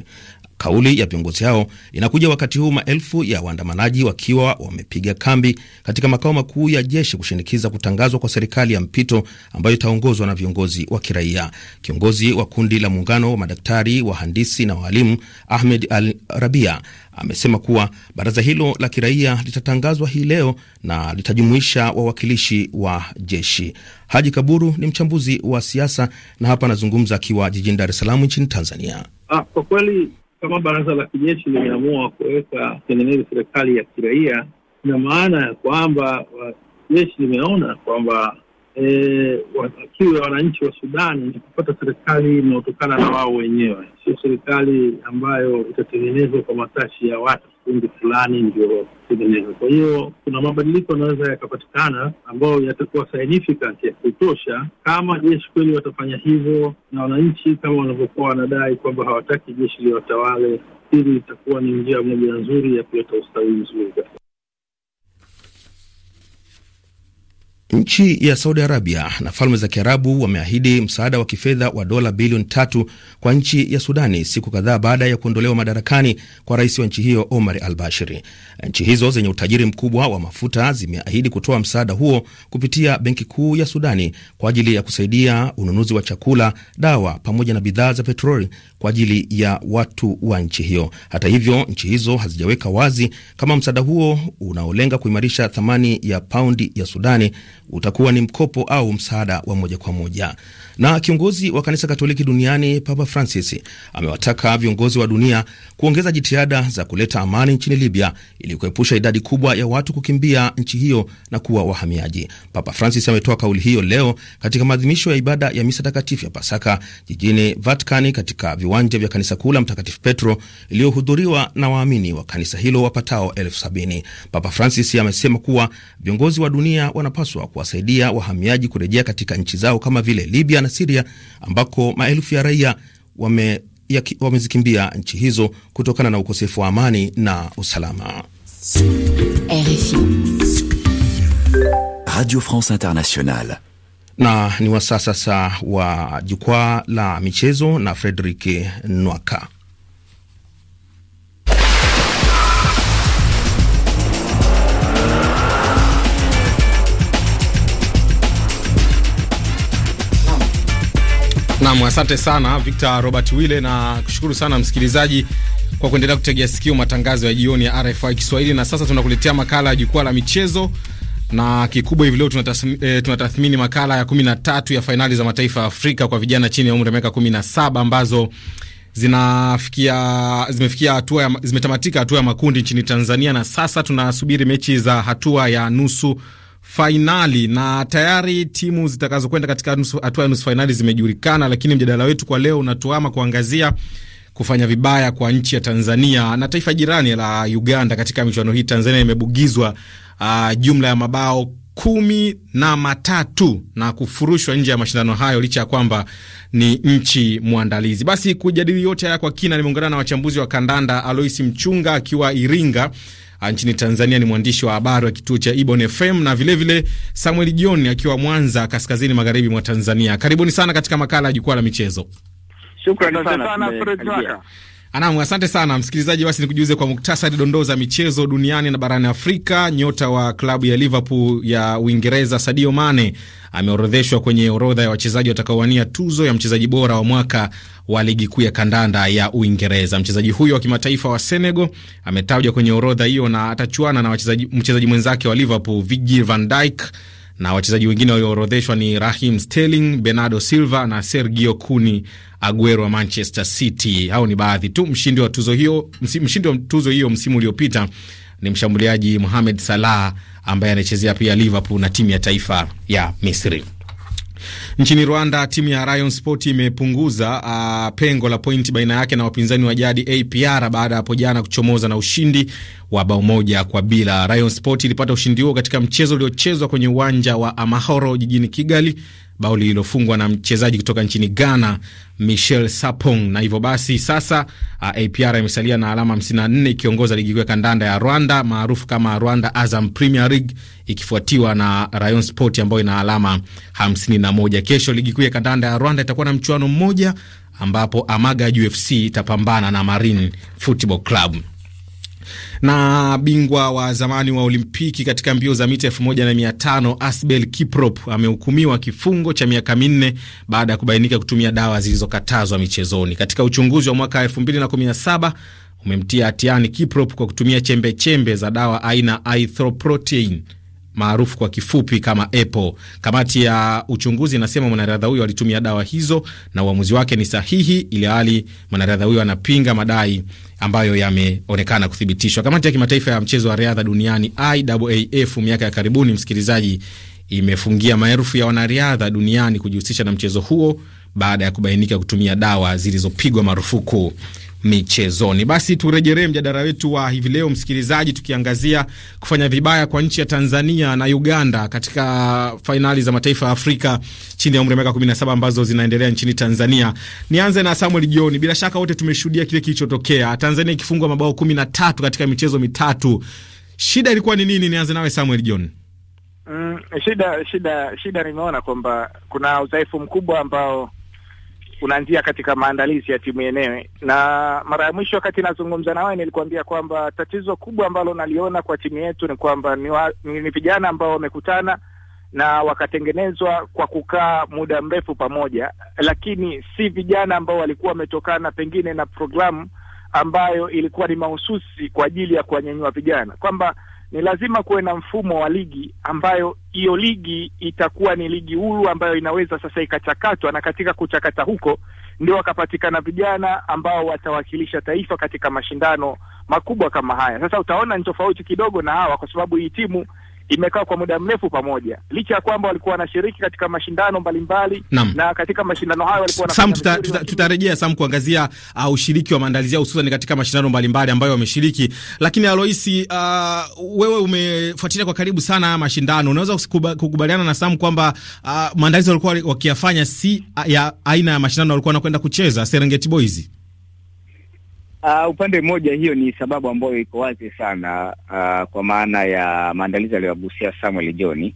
Kauli ya viongozi hao inakuja wakati huu maelfu ya waandamanaji wakiwa wamepiga kambi katika makao makuu ya jeshi kushinikiza kutangazwa kwa serikali ya mpito ambayo itaongozwa na viongozi wa kiraia. Kiongozi wa kundi la muungano wa madaktari, wahandisi na waalimu Ahmed Al Rabia amesema kuwa baraza hilo la kiraia litatangazwa hii leo na litajumuisha wawakilishi wa jeshi. Haji Kaburu ni mchambuzi wa siasa na hapa anazungumza akiwa jijini Dar es Salaam nchini Tanzania. Ah, kwa kweli kama baraza la kijeshi limeamua kuweka tengeneza serikali ya kiraia, ina maana ya kwamba uh, jeshi limeona kwamba E, wakiwe wananchi wa Sudani ni kupata serikali inayotokana na wao wenyewe, sio serikali ambayo itatengenezwa kwa matashi ya watu kundi fulani ndio tengeneza. Kwa hiyo kuna mabadiliko yanaweza yakapatikana ambayo yatakuwa significant ya kutosha, kama jeshi kweli watafanya hivyo, na wananchi kama wanavyokuwa wanadai kwamba hawataki jeshi liwatawale, hili itakuwa ni njia moja nzuri ya kuleta ustawi mzuri. Nchi ya Saudi Arabia na Falme za Kiarabu wameahidi msaada wa kifedha wa dola bilioni tatu kwa nchi ya Sudani siku kadhaa baada ya kuondolewa madarakani kwa rais wa nchi hiyo Omar Al Bashiri. Nchi hizo zenye utajiri mkubwa wa mafuta zimeahidi kutoa msaada huo kupitia Benki Kuu ya Sudani kwa ajili ya kusaidia ununuzi wa chakula, dawa pamoja na bidhaa za petroli kwa ajili ya watu wa nchi hiyo. Hata hivyo, nchi hizo hazijaweka wazi kama msaada huo unaolenga kuimarisha thamani ya paundi ya Sudani utakuwa ni mkopo au msaada wa moja kwa moja. Na kiongozi wa kanisa Katoliki duniani Papa Francis amewataka viongozi wa dunia kuongeza jitihada za kuleta amani nchini Libya ili kuepusha idadi kubwa ya watu kukimbia nchi hiyo na kuwa wahamiaji. Papa Francis ametoa kauli hiyo leo katika maadhimisho ya ibada ya misa takatifu ya Pasaka jijini Vatikani, katika viwanja vya kanisa kuu la Mtakatifu Petro iliyohudhuriwa na waamini wa kanisa hilo wapatao elfu sabini. Papa Francis amesema kuwa viongozi wa dunia wanapaswa kuwasaidia wahamiaji kurejea katika nchi zao kama vile Libya na Siria ambako maelfu ya raia wame, wamezikimbia nchi hizo kutokana na ukosefu wa amani na usalama. RFI. Radio France Internationale na ni wasaa sasa wa jukwaa la michezo na Frederick Nwaka. Nam, asante sana Victor Robert Wille, na kushukuru sana msikilizaji kwa kuendelea kutegea sikio matangazo ya jioni ya RFI Kiswahili. Na sasa tunakuletea makala ya jukwaa la michezo, na kikubwa hivi leo eh, tunatathmini makala ya kumi na tatu ya fainali za mataifa ya Afrika kwa vijana chini ya umri wa miaka kumi na saba ambazo zinafikia zimefikia hatua ya, zimetamatika hatua ya makundi nchini Tanzania, na sasa tunasubiri mechi za hatua ya nusu fainali na tayari timu zitakazokwenda katika hatua ya nusu fainali zimejulikana, lakini mjadala wetu kwa leo unatuama kuangazia kufanya vibaya kwa nchi ya Tanzania na taifa jirani la Uganda katika michuano hii. Tanzania imebugizwa uh, jumla ya mabao kumi na matatu na kufurushwa nje ya mashindano hayo licha ya kwamba ni nchi mwandalizi. Basi kujadili yote haya kwa kina, nimeungana na wachambuzi wa kandanda Alois Mchunga akiwa Iringa, Ah, nchini Tanzania ni mwandishi wa habari wa kituo cha Ibon FM na vilevile vile Samuel John akiwa Mwanza, kaskazini magharibi mwa Tanzania. Karibuni sana katika makala ya jukwaa la michezo. Shukrani sana. Anamu, asante sana msikilizaji. Basi nikujuze kwa muktasari dondoo za michezo duniani na barani Afrika. Nyota wa klabu ya Liverpool ya Uingereza Sadio Mane ameorodheshwa kwenye orodha ya wachezaji watakaowania tuzo ya mchezaji bora wa mwaka wa ligi kuu ya kandanda ya Uingereza. Mchezaji huyo wa kimataifa wa Senegal ametajwa kwenye orodha hiyo na atachuana na mchezaji mwenzake wa Liverpool Virgil van Dijk na wachezaji wengine walioorodheshwa ni rahim Sterling, Bernardo Silva na Sergio kuni Aguero wa Manchester City. Hao ni baadhi tu. Mshindi wa tuzo hiyo, mshindi wa tuzo hiyo msimu uliopita ni mshambuliaji Mohamed Salah ambaye anachezea pia Liverpool na timu ya taifa ya Misri. Nchini Rwanda, timu ya Rayon Sport imepunguza uh, pengo la pointi baina yake na wapinzani wa jadi APR baada ya hapo jana kuchomoza na ushindi wa bao moja kwa bila. Rayon Sport ilipata ushindi huo katika mchezo uliochezwa kwenye uwanja wa Amahoro jijini Kigali bao lililofungwa na mchezaji kutoka nchini Ghana Michel Sapong, na hivyo basi sasa uh, APR imesalia na alama 54 ikiongoza ligi kuu ya kandanda ya Rwanda maarufu kama Rwanda Azam Premier League ikifuatiwa na Rayon Sport ambayo ina alama 51. Kesho ligi kuu ya kandanda ya Rwanda itakuwa na mchuano mmoja ambapo Amaga UFC itapambana na Marine Football Club. Na bingwa wa zamani wa Olimpiki katika mbio za mita elfu moja na mia tano Asbel Kiprop amehukumiwa kifungo cha miaka minne baada ya kubainika kutumia dawa zilizokatazwa michezoni. Katika uchunguzi wa mwaka elfu mbili na kumi na saba umemtia hatiani Kiprop kwa kutumia chembe chembe za dawa aina ithroprotein maarufu kwa kifupi kama Apple. Kamati ya uchunguzi inasema mwanariadha huyo alitumia dawa hizo na uamuzi wake ni sahihi, ili hali mwanariadha huyo anapinga madai ambayo yameonekana kuthibitishwa. Kamati ya kimataifa ya mchezo wa riadha duniani IAAF miaka ya karibuni, msikilizaji, imefungia maelfu ya wanariadha duniani kujihusisha na mchezo huo baada ya kubainika kutumia dawa zilizopigwa marufuku michezoni. Basi turejelee mjadala wetu wa hivi leo, msikilizaji, tukiangazia kufanya vibaya kwa nchi ya Tanzania na Uganda katika fainali za mataifa ya Afrika chini ya umri wa miaka 17 ambazo zinaendelea nchini Tanzania. Nianze na Samuel Jioni, bila shaka wote tumeshuhudia kile kilichotokea, Tanzania ikifungwa mabao 13 katika michezo mitatu. Shida ilikuwa ni nini? Nianze nawe Samuel Jioni. Mm, shida shida shida, nimeona kwamba kuna udhaifu mkubwa ambao unaanzia katika maandalizi ya timu yenyewe. Na mara ya mwisho wakati nazungumza na wewe, nilikuambia kwamba tatizo kubwa ambalo naliona kwa timu yetu ni kwamba ni vijana ambao wamekutana na wakatengenezwa kwa kukaa muda mrefu pamoja, lakini si vijana ambao walikuwa wametokana pengine na programu ambayo ilikuwa ni mahususi kwa ajili ya kuwanyanyua vijana kwamba ni lazima kuwe na mfumo wa ligi ambayo hiyo ligi itakuwa ni ligi huru ambayo inaweza sasa ikachakatwa, na katika kuchakata huko ndio wakapatikana vijana ambao watawakilisha taifa katika mashindano makubwa kama haya. Sasa utaona ni tofauti kidogo na hawa, kwa sababu hii timu imekaa kwa muda mrefu pamoja, licha ya kwamba walikuwa wanashiriki katika mashindano mbalimbali mbali, na katika mashindano hayo walikuwa Sam, tutarejea tuta, tuta Sam kuangazia uh, ushiriki wa maandalizi yao hususan katika mashindano mbalimbali mbali ambayo wameshiriki. Lakini Aloisi, uh, wewe umefuatilia kwa karibu sana mashindano, unaweza kukubaliana na Sam kwamba uh, maandalizi walikuwa wakiyafanya si uh, ya aina ya mashindano walikuwa wanakwenda kucheza Serengeti Boys? Uh, upande mmoja hiyo ni sababu ambayo iko wazi sana uh, kwa maana ya maandalizi aliyoyagusia Samuel John,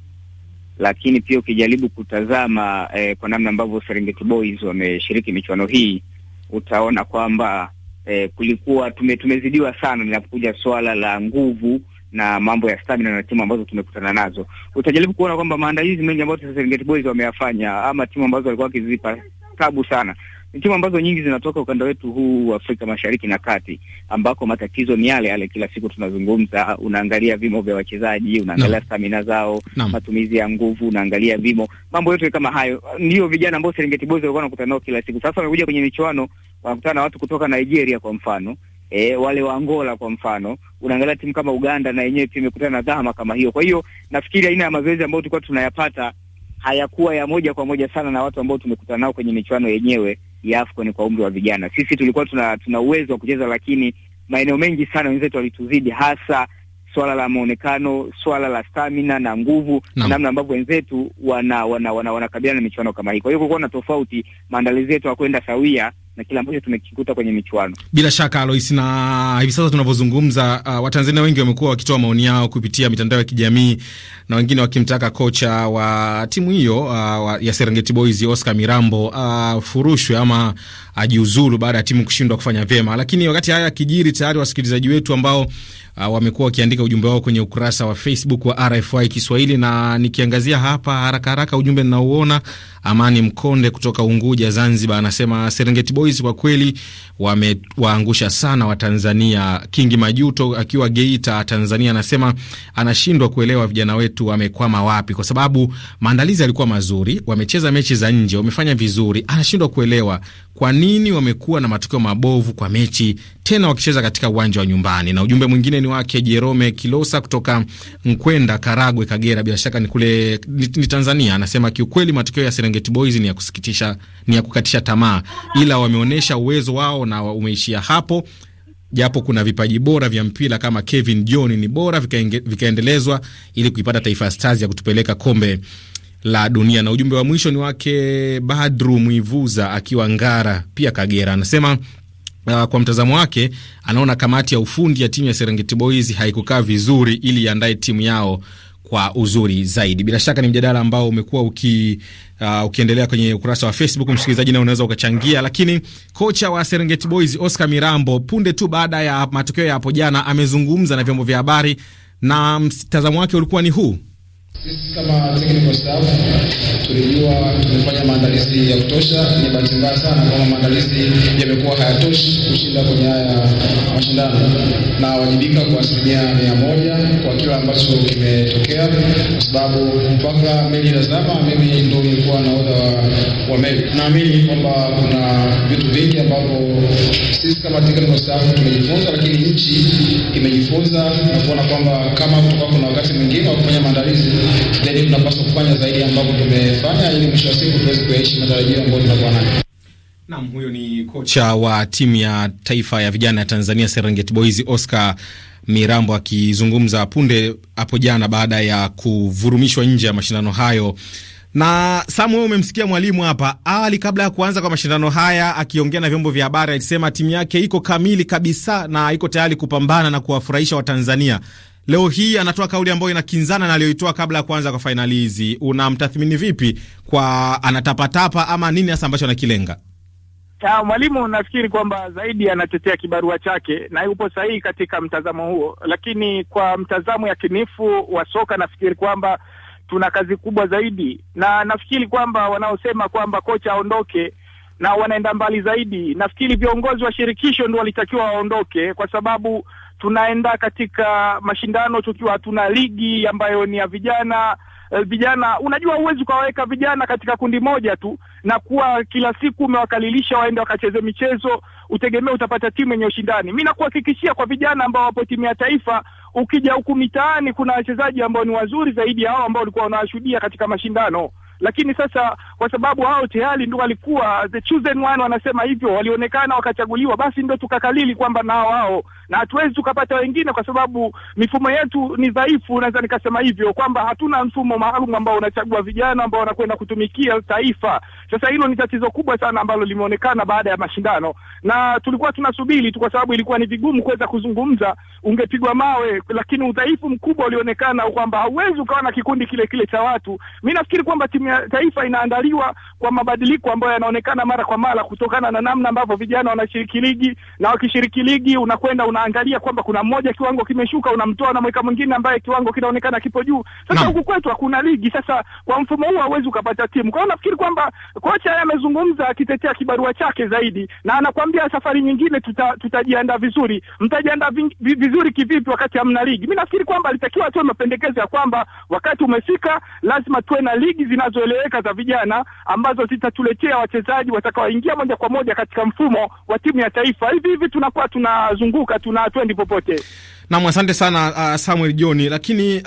lakini pia ukijaribu kutazama eh, kwa namna ambavyo Serengeti Boys wameshiriki michuano hii utaona kwamba eh, kulikuwa tume, tumezidiwa sana linapokuja swala la nguvu na mambo ya stamina na timu ambazo tumekutana nazo. Utajaribu kuona kwamba maandalizi mengi ambayo Serengeti Boys wameyafanya ama timu ambazo walikuwa wakizipa tabu sana ni timu ambazo nyingi zinatoka ukanda wetu huu wa Afrika Mashariki na Kati, ambako matatizo ni yale yale kila siku tunazungumza. Unaangalia vimo vya wachezaji, unaangalia no. stamina zao no. matumizi ya nguvu, unaangalia vimo, mambo yote kama hayo. Ndio vijana ambao Serengeti Boys walikuwa wanakutana nao kila siku, sasa wamekuja kwenye michuano, wanakutana na watu kutoka Nigeria kwa mfano E, wale wa Angola kwa mfano, unaangalia timu kama Uganda na yenyewe pia imekutana na dhama kama hiyo. Kwa hiyo nafikiri aina ya mazoezi ambayo tulikuwa tunayapata hayakuwa ya moja kwa moja sana na watu ambao tumekutana nao kwenye michuano yenyewe ya AFCON kwa umri wa vijana. Sisi tulikuwa tuna, tuna uwezo wa kucheza, lakini maeneo mengi sana wenzetu walituzidi, hasa swala la maonekano, swala la stamina na nguvu no. namna ambavyo wenzetu wanakabiliana wana, wana, wana na michuano kama hii. Kwa hiyo kulikuwa na tofauti, maandalizi yetu hakwenda sawia na kile ambacho tumekikuta kwenye michuano. Bila shaka Alois, na hivi sasa tunavyozungumza, uh, Watanzania wengi wamekuwa wakitoa maoni yao kupitia mitandao ya kijamii na wengine wakimtaka kocha wa timu hiyo uh, ya Serengeti Boys Oscar Mirambo uh, furushwe ama ajiuzulu baada ya timu kushindwa kufanya vyema. Lakini wakati haya kijiri, tayari wasikilizaji wetu ambao uh, wamekuwa wakiandika ujumbe wao kwenye ukurasa wa Facebook wa RFI Kiswahili, na nikiangazia hapa haraka haraka ujumbe ninauona. Amani Mkonde kutoka Unguja, Zanzibar, anasema Serengeti Boys kwa kweli wamewaangusha sana Watanzania. Kingi Majuto akiwa Geita, Tanzania, anasema anashindwa kuelewa vijana wetu wamekwama wapi, kwa sababu maandalizi yalikuwa mazuri, wamecheza mechi za nje, wamefanya vizuri, anashindwa kuelewa kwa nini wamekuwa na matokeo mabovu kwa mechi tena wakicheza katika uwanja wa nyumbani. Na ujumbe mwingine ni wake Jerome Kilosa kutoka Nkwenda, Karagwe, Kagera, bila shaka ni kule ni, ni Tanzania. Anasema kiukweli matokeo ya Serengeti Boys ni ya kusikitisha, ni ya kukatisha tamaa, ila wameonyesha uwezo wao na umeishia hapo japo kuna vipaji bora vya mpira kama Kevin John ni bora vikaendelezwa, vika ili kuipata Taifa Stars ya kutupeleka kombe la dunia. Na ujumbe wa mwisho ni wake Badru Mwivuza akiwa Ngara pia Kagera, anasema Uh, kwa mtazamo wake anaona kamati ya ufundi ya timu ya Serengeti Boys haikukaa vizuri ili iandae timu yao kwa uzuri zaidi. Bila shaka ni mjadala ambao umekuwa uki, uh, ukiendelea kwenye ukurasa wa Facebook, msikilizaji, na unaweza ukachangia. Lakini kocha wa Serengeti Boys Oscar Mirambo punde tu baada ya matokeo ya hapo jana amezungumza na vyombo vya habari na mtazamo wake ulikuwa ni huu. Sisi kama technical staff tulijua tumefanya maandalizi ya kutosha. Ni bahati mbaya sana kwamba maandalizi yamekuwa hayatoshi kushinda kwenye haya mashindano, na wajibika kwa asilimia mia moja kwa kila ambacho kimetokea, kwa sababu mpaka meli inazama, mimi ndo nilikuwa nahodha wa, wa meli. Naamini kwamba kuna vitu vingi ambavyo sisi kama technical staff tumejifunza, lakini nchi imejifunza na kuona kwamba kama kutoka kuna wakati mwingine wa kufanya maandalizi Jadi yaani tunapaswa kufanya zaidi ambavyo tumefanya, ili mwisho wa siku tuweze kuyaishi matarajio ambayo tunakuwa nayo. Naam, huyo ni kocha wa timu ya taifa ya vijana ya Tanzania Serengeti Boys Oscar Mirambo akizungumza punde hapo jana baada ya kuvurumishwa nje ya mashindano hayo. Na Samu, wewe umemsikia mwalimu hapa awali, kabla ya kuanza kwa mashindano haya, akiongea na vyombo vya habari, alisema timu yake iko kamili kabisa na iko tayari kupambana na kuwafurahisha Watanzania. Leo hii anatoa kauli ambayo inakinzana na aliyoitoa kabla ya kuanza kwa fainali hizi. Unamtathmini vipi kwa anatapatapa ama nini hasa ambacho anakilenga? Mwalimu nafikiri kwamba zaidi anatetea kibarua chake na yupo sahihi katika mtazamo huo, lakini kwa mtazamo ya kinifu wa soka nafikiri kwamba tuna kazi kubwa zaidi, na nafikiri kwamba wanaosema kwamba kocha aondoke na wanaenda mbali zaidi, nafikiri viongozi wa shirikisho ndio walitakiwa waondoke, kwa sababu tunaenda katika mashindano tukiwa hatuna ligi ambayo ni ya vijana eh, vijana unajua, huwezi ukawaweka vijana katika kundi moja tu na kuwa kila siku umewakalilisha waende wakacheze michezo, utegemea utapata timu yenye ushindani. Mi nakuhakikishia kwa vijana ambao wapo timu ya taifa, ukija huku mitaani kuna wachezaji ambao ni wazuri zaidi ya hao ambao walikuwa wanawashuhudia katika mashindano. Lakini sasa kwa sababu hao tayari ndio walikuwa the chosen one, wanasema hivyo, walionekana wakachaguliwa, basi ndio tukakalili kwamba nao wao, na hatuwezi tukapata wengine kwa sababu mifumo yetu ni dhaifu, naweza nikasema hivyo kwamba hatuna mfumo maalum ambao unachagua vijana ambao wanakwenda kutumikia taifa. Sasa hilo ni tatizo kubwa sana ambalo limeonekana baada ya mashindano, na tulikuwa tunasubiri tu kwa sababu ilikuwa ni vigumu kuweza kuzungumza, ungepigwa mawe. Lakini udhaifu mkubwa ulionekana kwamba hauwezi ukawa na kikundi kile kile cha watu. Mimi nafikiri kwamba timu Tanzania taifa inaandaliwa kwa mabadiliko ambayo yanaonekana mara kwa mara kutokana na namna ambavyo vijana wanashiriki ligi, na wakishiriki ligi unakwenda unaangalia kwamba kuna mmoja kiwango kimeshuka, unamtoa na mweka mwingine ambaye kiwango kinaonekana kipo juu. Sasa huku kwetu hakuna ligi. Sasa kwa mfumo huu hauwezi ukapata timu. Kwa hiyo nafikiri kwamba kocha yeye amezungumza akitetea kibarua chake zaidi, na anakuambia safari nyingine tuta, tutajiandaa vizuri. Mtajiandaa vizuri kivipi wakati hamna ligi? Mimi nafikiri kwamba alitakiwa atoe mapendekezo ya kwamba wakati umefika lazima tuwe na ligi zinazo kuzoeleweka za vijana ambazo zitatuletea wachezaji watakaoingia moja kwa moja katika mfumo wa timu ya taifa. Hivi hivi tunakuwa tunazunguka, tuna twendi popote. Nam, asante sana uh, Samuel John. Lakini uh,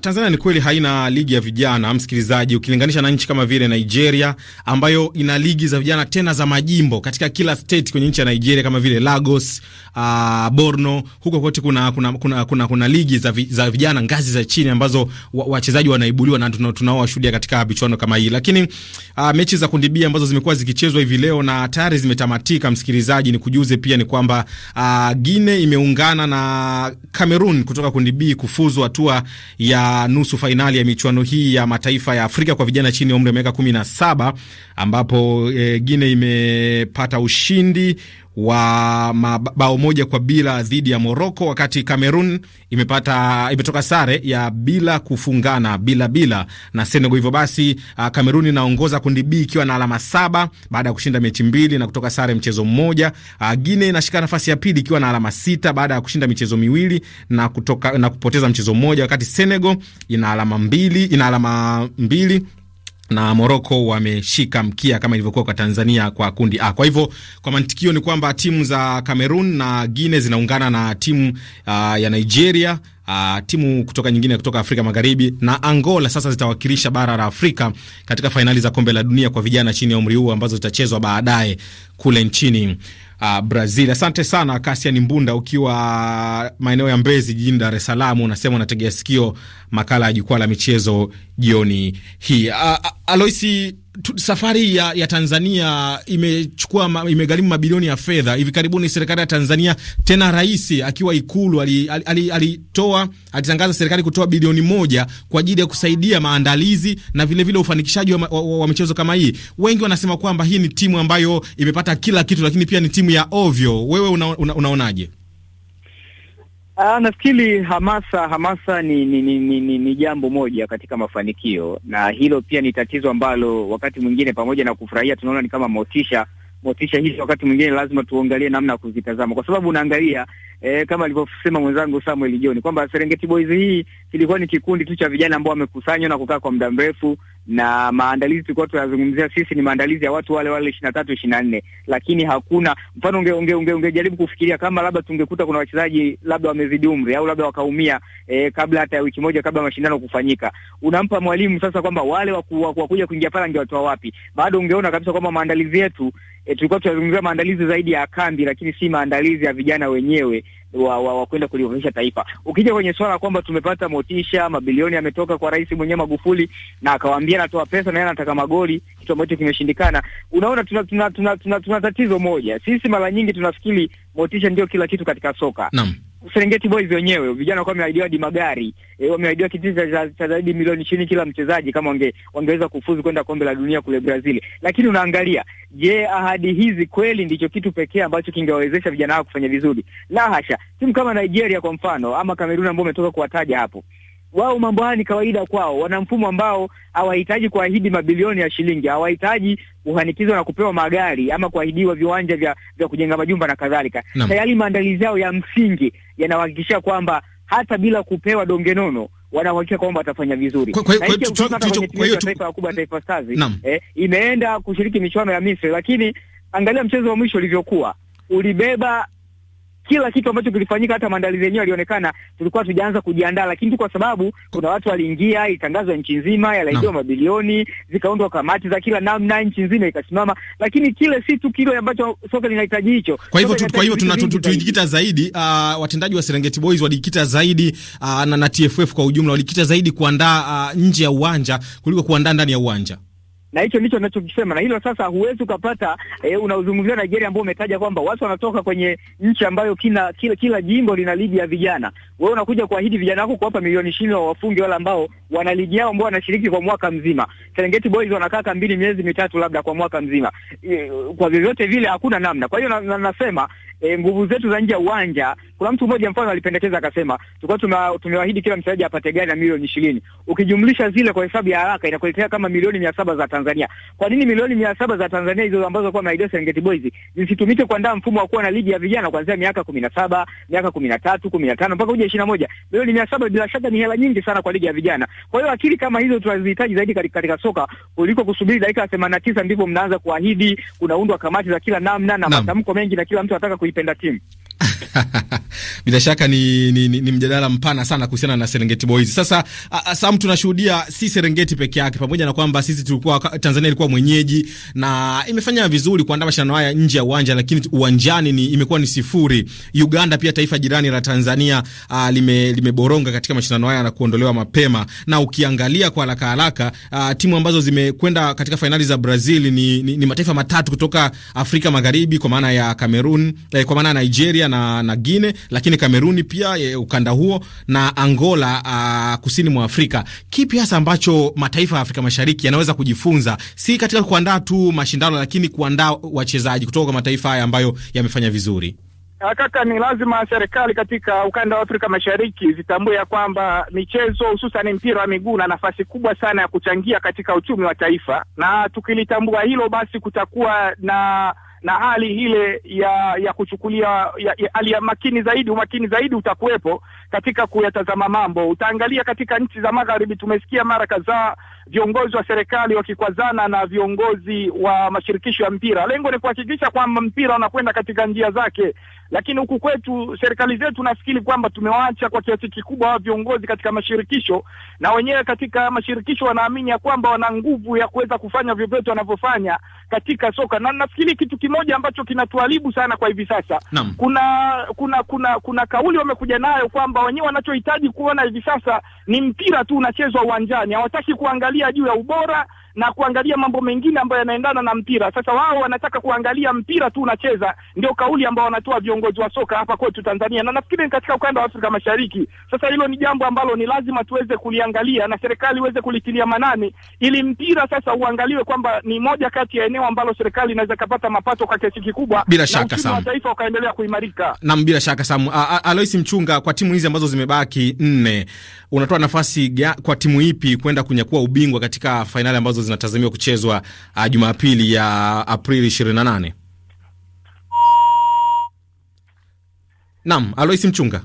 Tanzania ni kweli haina ligi ya vijana msikilizaji, ukilinganisha na nchi kama vile Nigeria ambayo ina ligi za vijana tena za majimbo katika kila state kwenye nchi ya Nigeria kama vile Lagos, uh, Borno, huko kote kuna, kuna, kuna, kuna, kuna ligi za, vi, za vijana ngazi za chini ambazo wachezaji wa wanaibuliwa na tunaowashuhudia katika michuano kama hii. Lakini uh, mechi za kundi B ambazo zimekuwa zikichezwa hivi leo na tayari zimetamatika, msikilizaji, ni kujuze pia ni kwamba uh, Gine imeungana na Cameroon kutoka kundi B kufuzu hatua ya nusu fainali ya michuano hii ya mataifa ya Afrika kwa vijana chini ya umri wa miaka 17 ambapo e, Guinea imepata ushindi wa mabao moja kwa bila dhidi ya Moroko, wakati Cameroon imepata imetoka sare ya bila kufungana bila bila na Senegal. Hivyo basi uh, Cameroon inaongoza kundi B ikiwa na alama saba baada ya kushinda mechi mbili na kutoka sare mchezo mmoja. Uh, Guinea inashika nafasi ya pili ikiwa na alama sita baada ya kushinda michezo miwili na kutoka na kupoteza mchezo mmoja, wakati Senegal ina alama mbili ina alama mbili na Moroko wameshika mkia kama ilivyokuwa kwa Tanzania kwa kundi A. Kwa hivyo kwa mantikio ni kwamba timu za Cameroon na Guinea zinaungana na timu uh, ya Nigeria Uh, timu kutoka nyingine kutoka Afrika Magharibi na Angola sasa zitawakilisha bara la Afrika katika fainali za kombe la dunia kwa vijana chini ya umri huu ambazo zitachezwa baadaye kule nchini uh, Brazil. Asante sana Kasian Mbunda, ukiwa maeneo ya Mbezi jijini Dar es Salaam, unasema unategea sikio makala ya jukwaa la michezo jioni hii. Uh, Aloisi safari ya, ya Tanzania imechukua ma, imegharimu mabilioni ya fedha. Hivi karibuni serikali ya Tanzania tena rais akiwa Ikulu alitoa ali, ali, ali alitangaza serikali kutoa bilioni moja kwa ajili ya kusaidia maandalizi na vilevile vile ufanikishaji wa, wa, wa, wa michezo kama hii. Wengi wanasema kwamba hii ni timu ambayo imepata kila kitu, lakini pia ni timu ya ovyo. Wewe una, una, unaonaje? Uh, nafikiri hamasa hamasa ni ni, ni ni ni jambo moja katika mafanikio, na hilo pia ni tatizo ambalo wakati mwingine pamoja na kufurahia tunaona ni kama motisha motisha hizi wakati mwingine lazima tuangalie namna ya kuzitazama, kwa sababu unaangalia eh, kama alivyosema mwenzangu Samuel joni kwamba Serengeti Boys hii kilikuwa ni kikundi tu cha vijana ambao wamekusanywa na kukaa kwa muda mrefu na maandalizi tulikuwa tunazungumzia sisi ni maandalizi ya watu wale wale ishirini na tatu ishirini na nne lakini hakuna mfano. Unge, unge, unge, ungejaribu kufikiria kama labda tungekuta kuna wachezaji labda wamezidi umri au labda wakaumia eh, kabla hata ya wiki moja kabla mashindano kufanyika, unampa mwalimu sasa kwamba wale wakuja kuingia pale angewatoa wapi? Bado ungeona kabisa kwamba maandalizi yetu e, tulikuwa tunazungumzia maandalizi zaidi ya kambi, lakini si maandalizi ya vijana wenyewe wa, wa, wa kwenda kulionyesha taifa. Ukija kwenye swala kwamba tumepata motisha, mabilioni yametoka kwa rais mwenyewe Magufuli, na akawaambia anatoa pesa na yeye anataka magoli, kitu ambacho kimeshindikana. Unaona, tuna tuna, tuna, tuna, tuna tatizo moja. Sisi mara nyingi tunafikiri motisha ndio kila kitu katika soka. Naam. Serengeti Boys wenyewe vijana walikuwa wameahidiwa hadi magari e, eh, wameahidiwa kititi cha zaidi milioni ishirini kila mchezaji kama wange, wangeweza kufuzu kwenda kombe la dunia kule Brazil. Lakini unaangalia, je, ahadi hizi kweli ndicho kitu pekee ambacho kingewawezesha vijana hao kufanya vizuri? La hasha. Timu kama Nigeria kwa mfano ama Kamerun ambao umetoka kuwataja hapo wao mambo haya ni kawaida kwao. Wana mfumo ambao hawahitaji kuahidi mabilioni ya shilingi, hawahitaji kuhanikizwa na kupewa magari ama kuahidiwa viwanja vya, vya kujenga majumba na kadhalika. Tayari maandalizi yao ya msingi yanawahakikishia kwamba hata bila kupewa donge nono wanahakikisha kwamba watafanya vizuri. taifa ya kubwa Taifa Stars eh, imeenda kushiriki michuano ya Misri, lakini angalia mchezo wa mwisho ulivyokuwa, ulibeba kila kitu ambacho kilifanyika, hata maandalizi yenyewe yalionekana tulikuwa tujaanza kujiandaa, lakini tu kwa sababu kuna watu waliingia, itangazwa nchi nzima, yalaingiwa no. mabilioni, zikaundwa kamati za kila namna, nchi nzima ikasimama, lakini kile si tu kile ambacho soka linahitaji hicho. Kwa hivyo kwa hivyo tunajikita zaidi, ah, watendaji wa Serengeti Boys walijikita zaidi ah, na TFF kwa ujumla walijikita zaidi kuandaa ah, nje ya uwanja kuliko kuandaa ndani ya uwanja na hicho ndicho ninachokisema, na hilo sasa huwezi ukapata e, unaozungumzia Nigeria ambao umetaja kwamba watu wanatoka kwenye nchi ambayo kila, kila, kila jimbo lina ligi ya vijana. Wewe unakuja kuahidi vijana wako kuwapa milioni ishirini wa wafungi wale ambao wana ligi yao ambao wanashiriki kwa mwaka mzima. Serengeti Boys wanakaa kambini miezi mitatu labda kwa mwaka mzima e, kwa vyovyote vile hakuna namna. Kwa hiyo na, na, nasema e, nguvu zetu za nje ya uwanja kuna mtu mmoja mfano alipendekeza akasema, tulikuwa tumewaahidi kila mchezaji apate gari na milioni ishirini. Ukijumlisha zile kwa hesabu ya haraka inakuletea kama milioni mia saba za Tanzania. Kwa nini milioni mia saba za Tanzania hizo ambazo kuwa Maidoo Serengeti Boys zisitumike kuandaa mfumo wa kuwa na ligi ya vijana kuanzia miaka kumi na saba miaka kumi na tatu kumi na tano mpaka kuja ishirini na moja Milioni mia saba bila shaka ni hela nyingi sana kwa ligi ya vijana. Kwa hiyo akili kama hizo tunazihitaji zaidi katika soka kuliko kusubiri dakika ya themanini na tisa ndipo mnaanza kuahidi, kunaundwa kamati za kila namna na matamko mengi na kila mtu anataka kuipenda timu [laughs] bila shaka ni, ni, ni, ni mjadala mpana sana kuhusiana na Serengeti Boys. Sasa Sam, tunashuhudia si Serengeti peke yake, pamoja na kwamba sisi tulikuwa Tanzania ilikuwa mwenyeji na imefanya vizuri kuandaa mashindano haya nje ya uwanja, lakini uwanjani ni imekuwa ni sifuri. Uganda pia taifa jirani la Tanzania a, lime, limeboronga katika mashindano haya na kuondolewa mapema, na ukiangalia kwa haraka haraka timu ambazo zimekwenda katika fainali za Brazil ni, ni, ni mataifa matatu kutoka Afrika Magharibi kwa maana ya Cameroon eh, kwa maana ya Nigeria na, na Guinea lakini Kameruni pia e, ukanda huo na Angola a, ah, kusini mwa Afrika. Kipi hasa ambacho mataifa ya Afrika Mashariki yanaweza kujifunza, si katika kuandaa tu mashindano, lakini kuandaa wachezaji kutoka kwa mataifa haya ambayo yamefanya vizuri? Ah, kaka, ni lazima serikali katika ukanda wa Afrika Mashariki zitambue ya kwamba michezo hususan mpira wa miguu na nafasi kubwa sana ya kuchangia katika uchumi wa taifa, na tukilitambua hilo, basi kutakuwa na na hali ile ya ya kuchukulia ya, ya, hali ya makini zaidi, umakini zaidi utakuwepo katika kuyatazama mambo. Utaangalia katika nchi za magharibi, tumesikia mara kadhaa viongozi wa serikali wakikwazana na viongozi wa mashirikisho ya mpira. Lengo ni kuhakikisha kwamba mpira unakwenda katika njia zake lakini huku kwetu serikali zetu nafikiri kwamba tumewaacha kwa kiasi kikubwa wa viongozi katika mashirikisho, na wenyewe katika mashirikisho wanaamini ya kwamba wana nguvu ya kuweza kufanya vyovyote wanavyofanya katika soka, na nafikiri kitu kimoja ambacho kinatuharibu sana kwa hivi sasa kuna kuna kuna kuna kauli wamekuja nayo kwamba wenyewe wanachohitaji kuona hivi sasa ni mpira tu unachezwa uwanjani, hawataki kuangalia juu ya ubora na kuangalia mambo mengine ambayo yanaendana na mpira. Sasa wao wanataka kuangalia mpira tu unacheza, ndio kauli ambao wanatoa viongozi wa soka hapa kwetu Tanzania, na nafikiri katika ukanda wa Afrika Mashariki. Sasa hilo ni jambo ambalo ni lazima tuweze kuliangalia na serikali iweze kulitilia manani, ili mpira sasa uangaliwe kwamba ni moja kati ya eneo ambalo serikali inaweza kapata mapato kwa kiasi kikubwa, bila shaka sana taifa ukaendelea kuimarika. Naam, bila shaka Samu. Alois Mchunga, kwa timu hizi ambazo zimebaki nne, unatoa nafasi kwa timu ipi kwenda kunyakua ubingwa katika fainali ambazo zinatazamiwa kuchezwa uh, Jumapili ya Aprili 28. Naam, Aloisi Mchunga.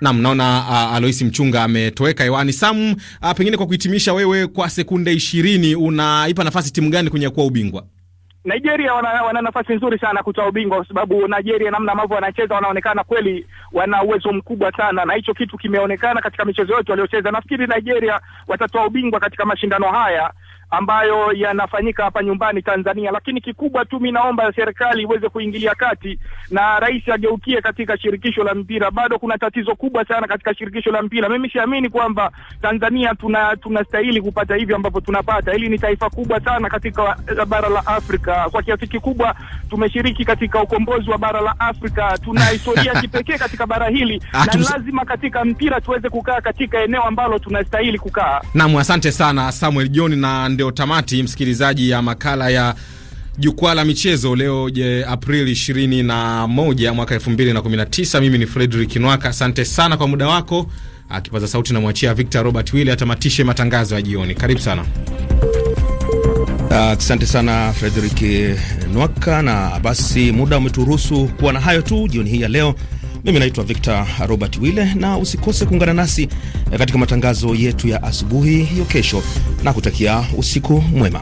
Naam, naona uh, Aloisi Mchunga ametoweka hewani. Sam, uh, pengine kwa kuhitimisha, wewe kwa sekunde ishirini unaipa nafasi timu gani kwenye kuwa ubingwa? Nigeria wana, wana nafasi nzuri sana kutoa ubingwa kwa sababu Nigeria namna ambavyo wanacheza wanaonekana kweli wana uwezo mkubwa sana, na hicho kitu kimeonekana katika michezo yote waliocheza. Nafikiri Nigeria watatoa ubingwa katika mashindano haya ambayo yanafanyika hapa nyumbani Tanzania, lakini kikubwa tu mi naomba serikali iweze kuingilia kati na rais ageukie katika shirikisho la mpira. Bado kuna tatizo kubwa sana katika shirikisho la mpira. Mimi siamini kwamba Tanzania tuna tunastahili kupata hivyo ambapo tunapata. Hili ni taifa kubwa sana katika bara la Afrika, kwa kiasi kikubwa tumeshiriki katika ukombozi wa bara la Afrika. Tuna [laughs] historia kipekee katika bara hili ah, na lazima katika mpira tuweze kukaa katika eneo ambalo tunastahili kukaa. Naam, asante sana Samuel John na ndio tamati, msikilizaji, ya makala ya jukwaa la michezo leo je, Aprili 21 mwaka 2019. Mimi ni Fredrick Nwaka, asante sana kwa muda wako. Akipaza sauti namwachia Victor Robert Wille atamatishe matangazo ya jioni. Karibu sana. Asante uh, sana Frederiki Nwaka. Na basi muda umeturuhusu kuwa na hayo tu jioni hii ya leo. Mimi naitwa Victor Robert Wille, na usikose kuungana nasi eh, katika matangazo yetu ya asubuhi hiyo kesho, na kutakia usiku mwema.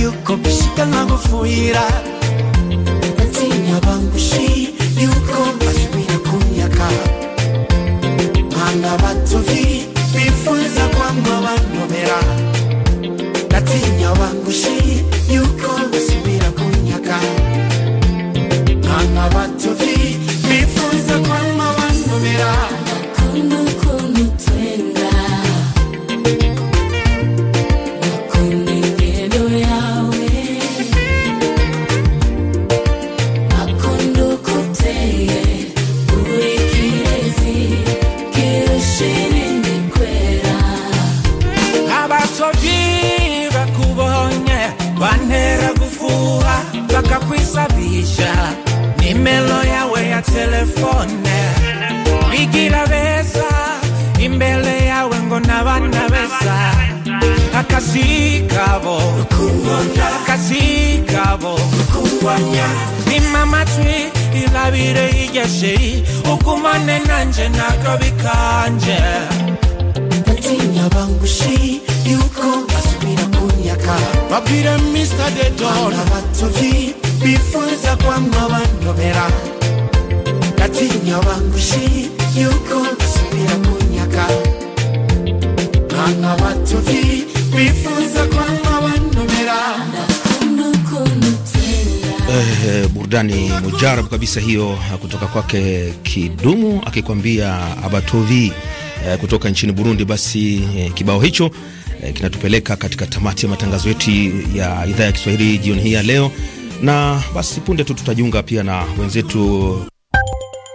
yuko bishika nkagufuhira batinya bangushira telefone bigila besa imbele yawe ngo nabana besa akasi kabo akasi kabo ni mamatwi ilabire yigesheri ukumane nanje nako bikanje batinya bangushi yuko basubira kunyaka babwire mr deton abatovi bifuza kwanga bandobera wangu shi yuko kunyaka kwamba eh, eh, burudani mujarabu kabisa hiyo eh, kutoka kwake Kidumu akikwambia Abatovi eh, kutoka nchini Burundi. Basi eh, kibao hicho eh, kinatupeleka katika tamati ya matangazo yetu ya idhaa ya Kiswahili jioni hii ya leo, na basi punde tu tutajiunga pia na wenzetu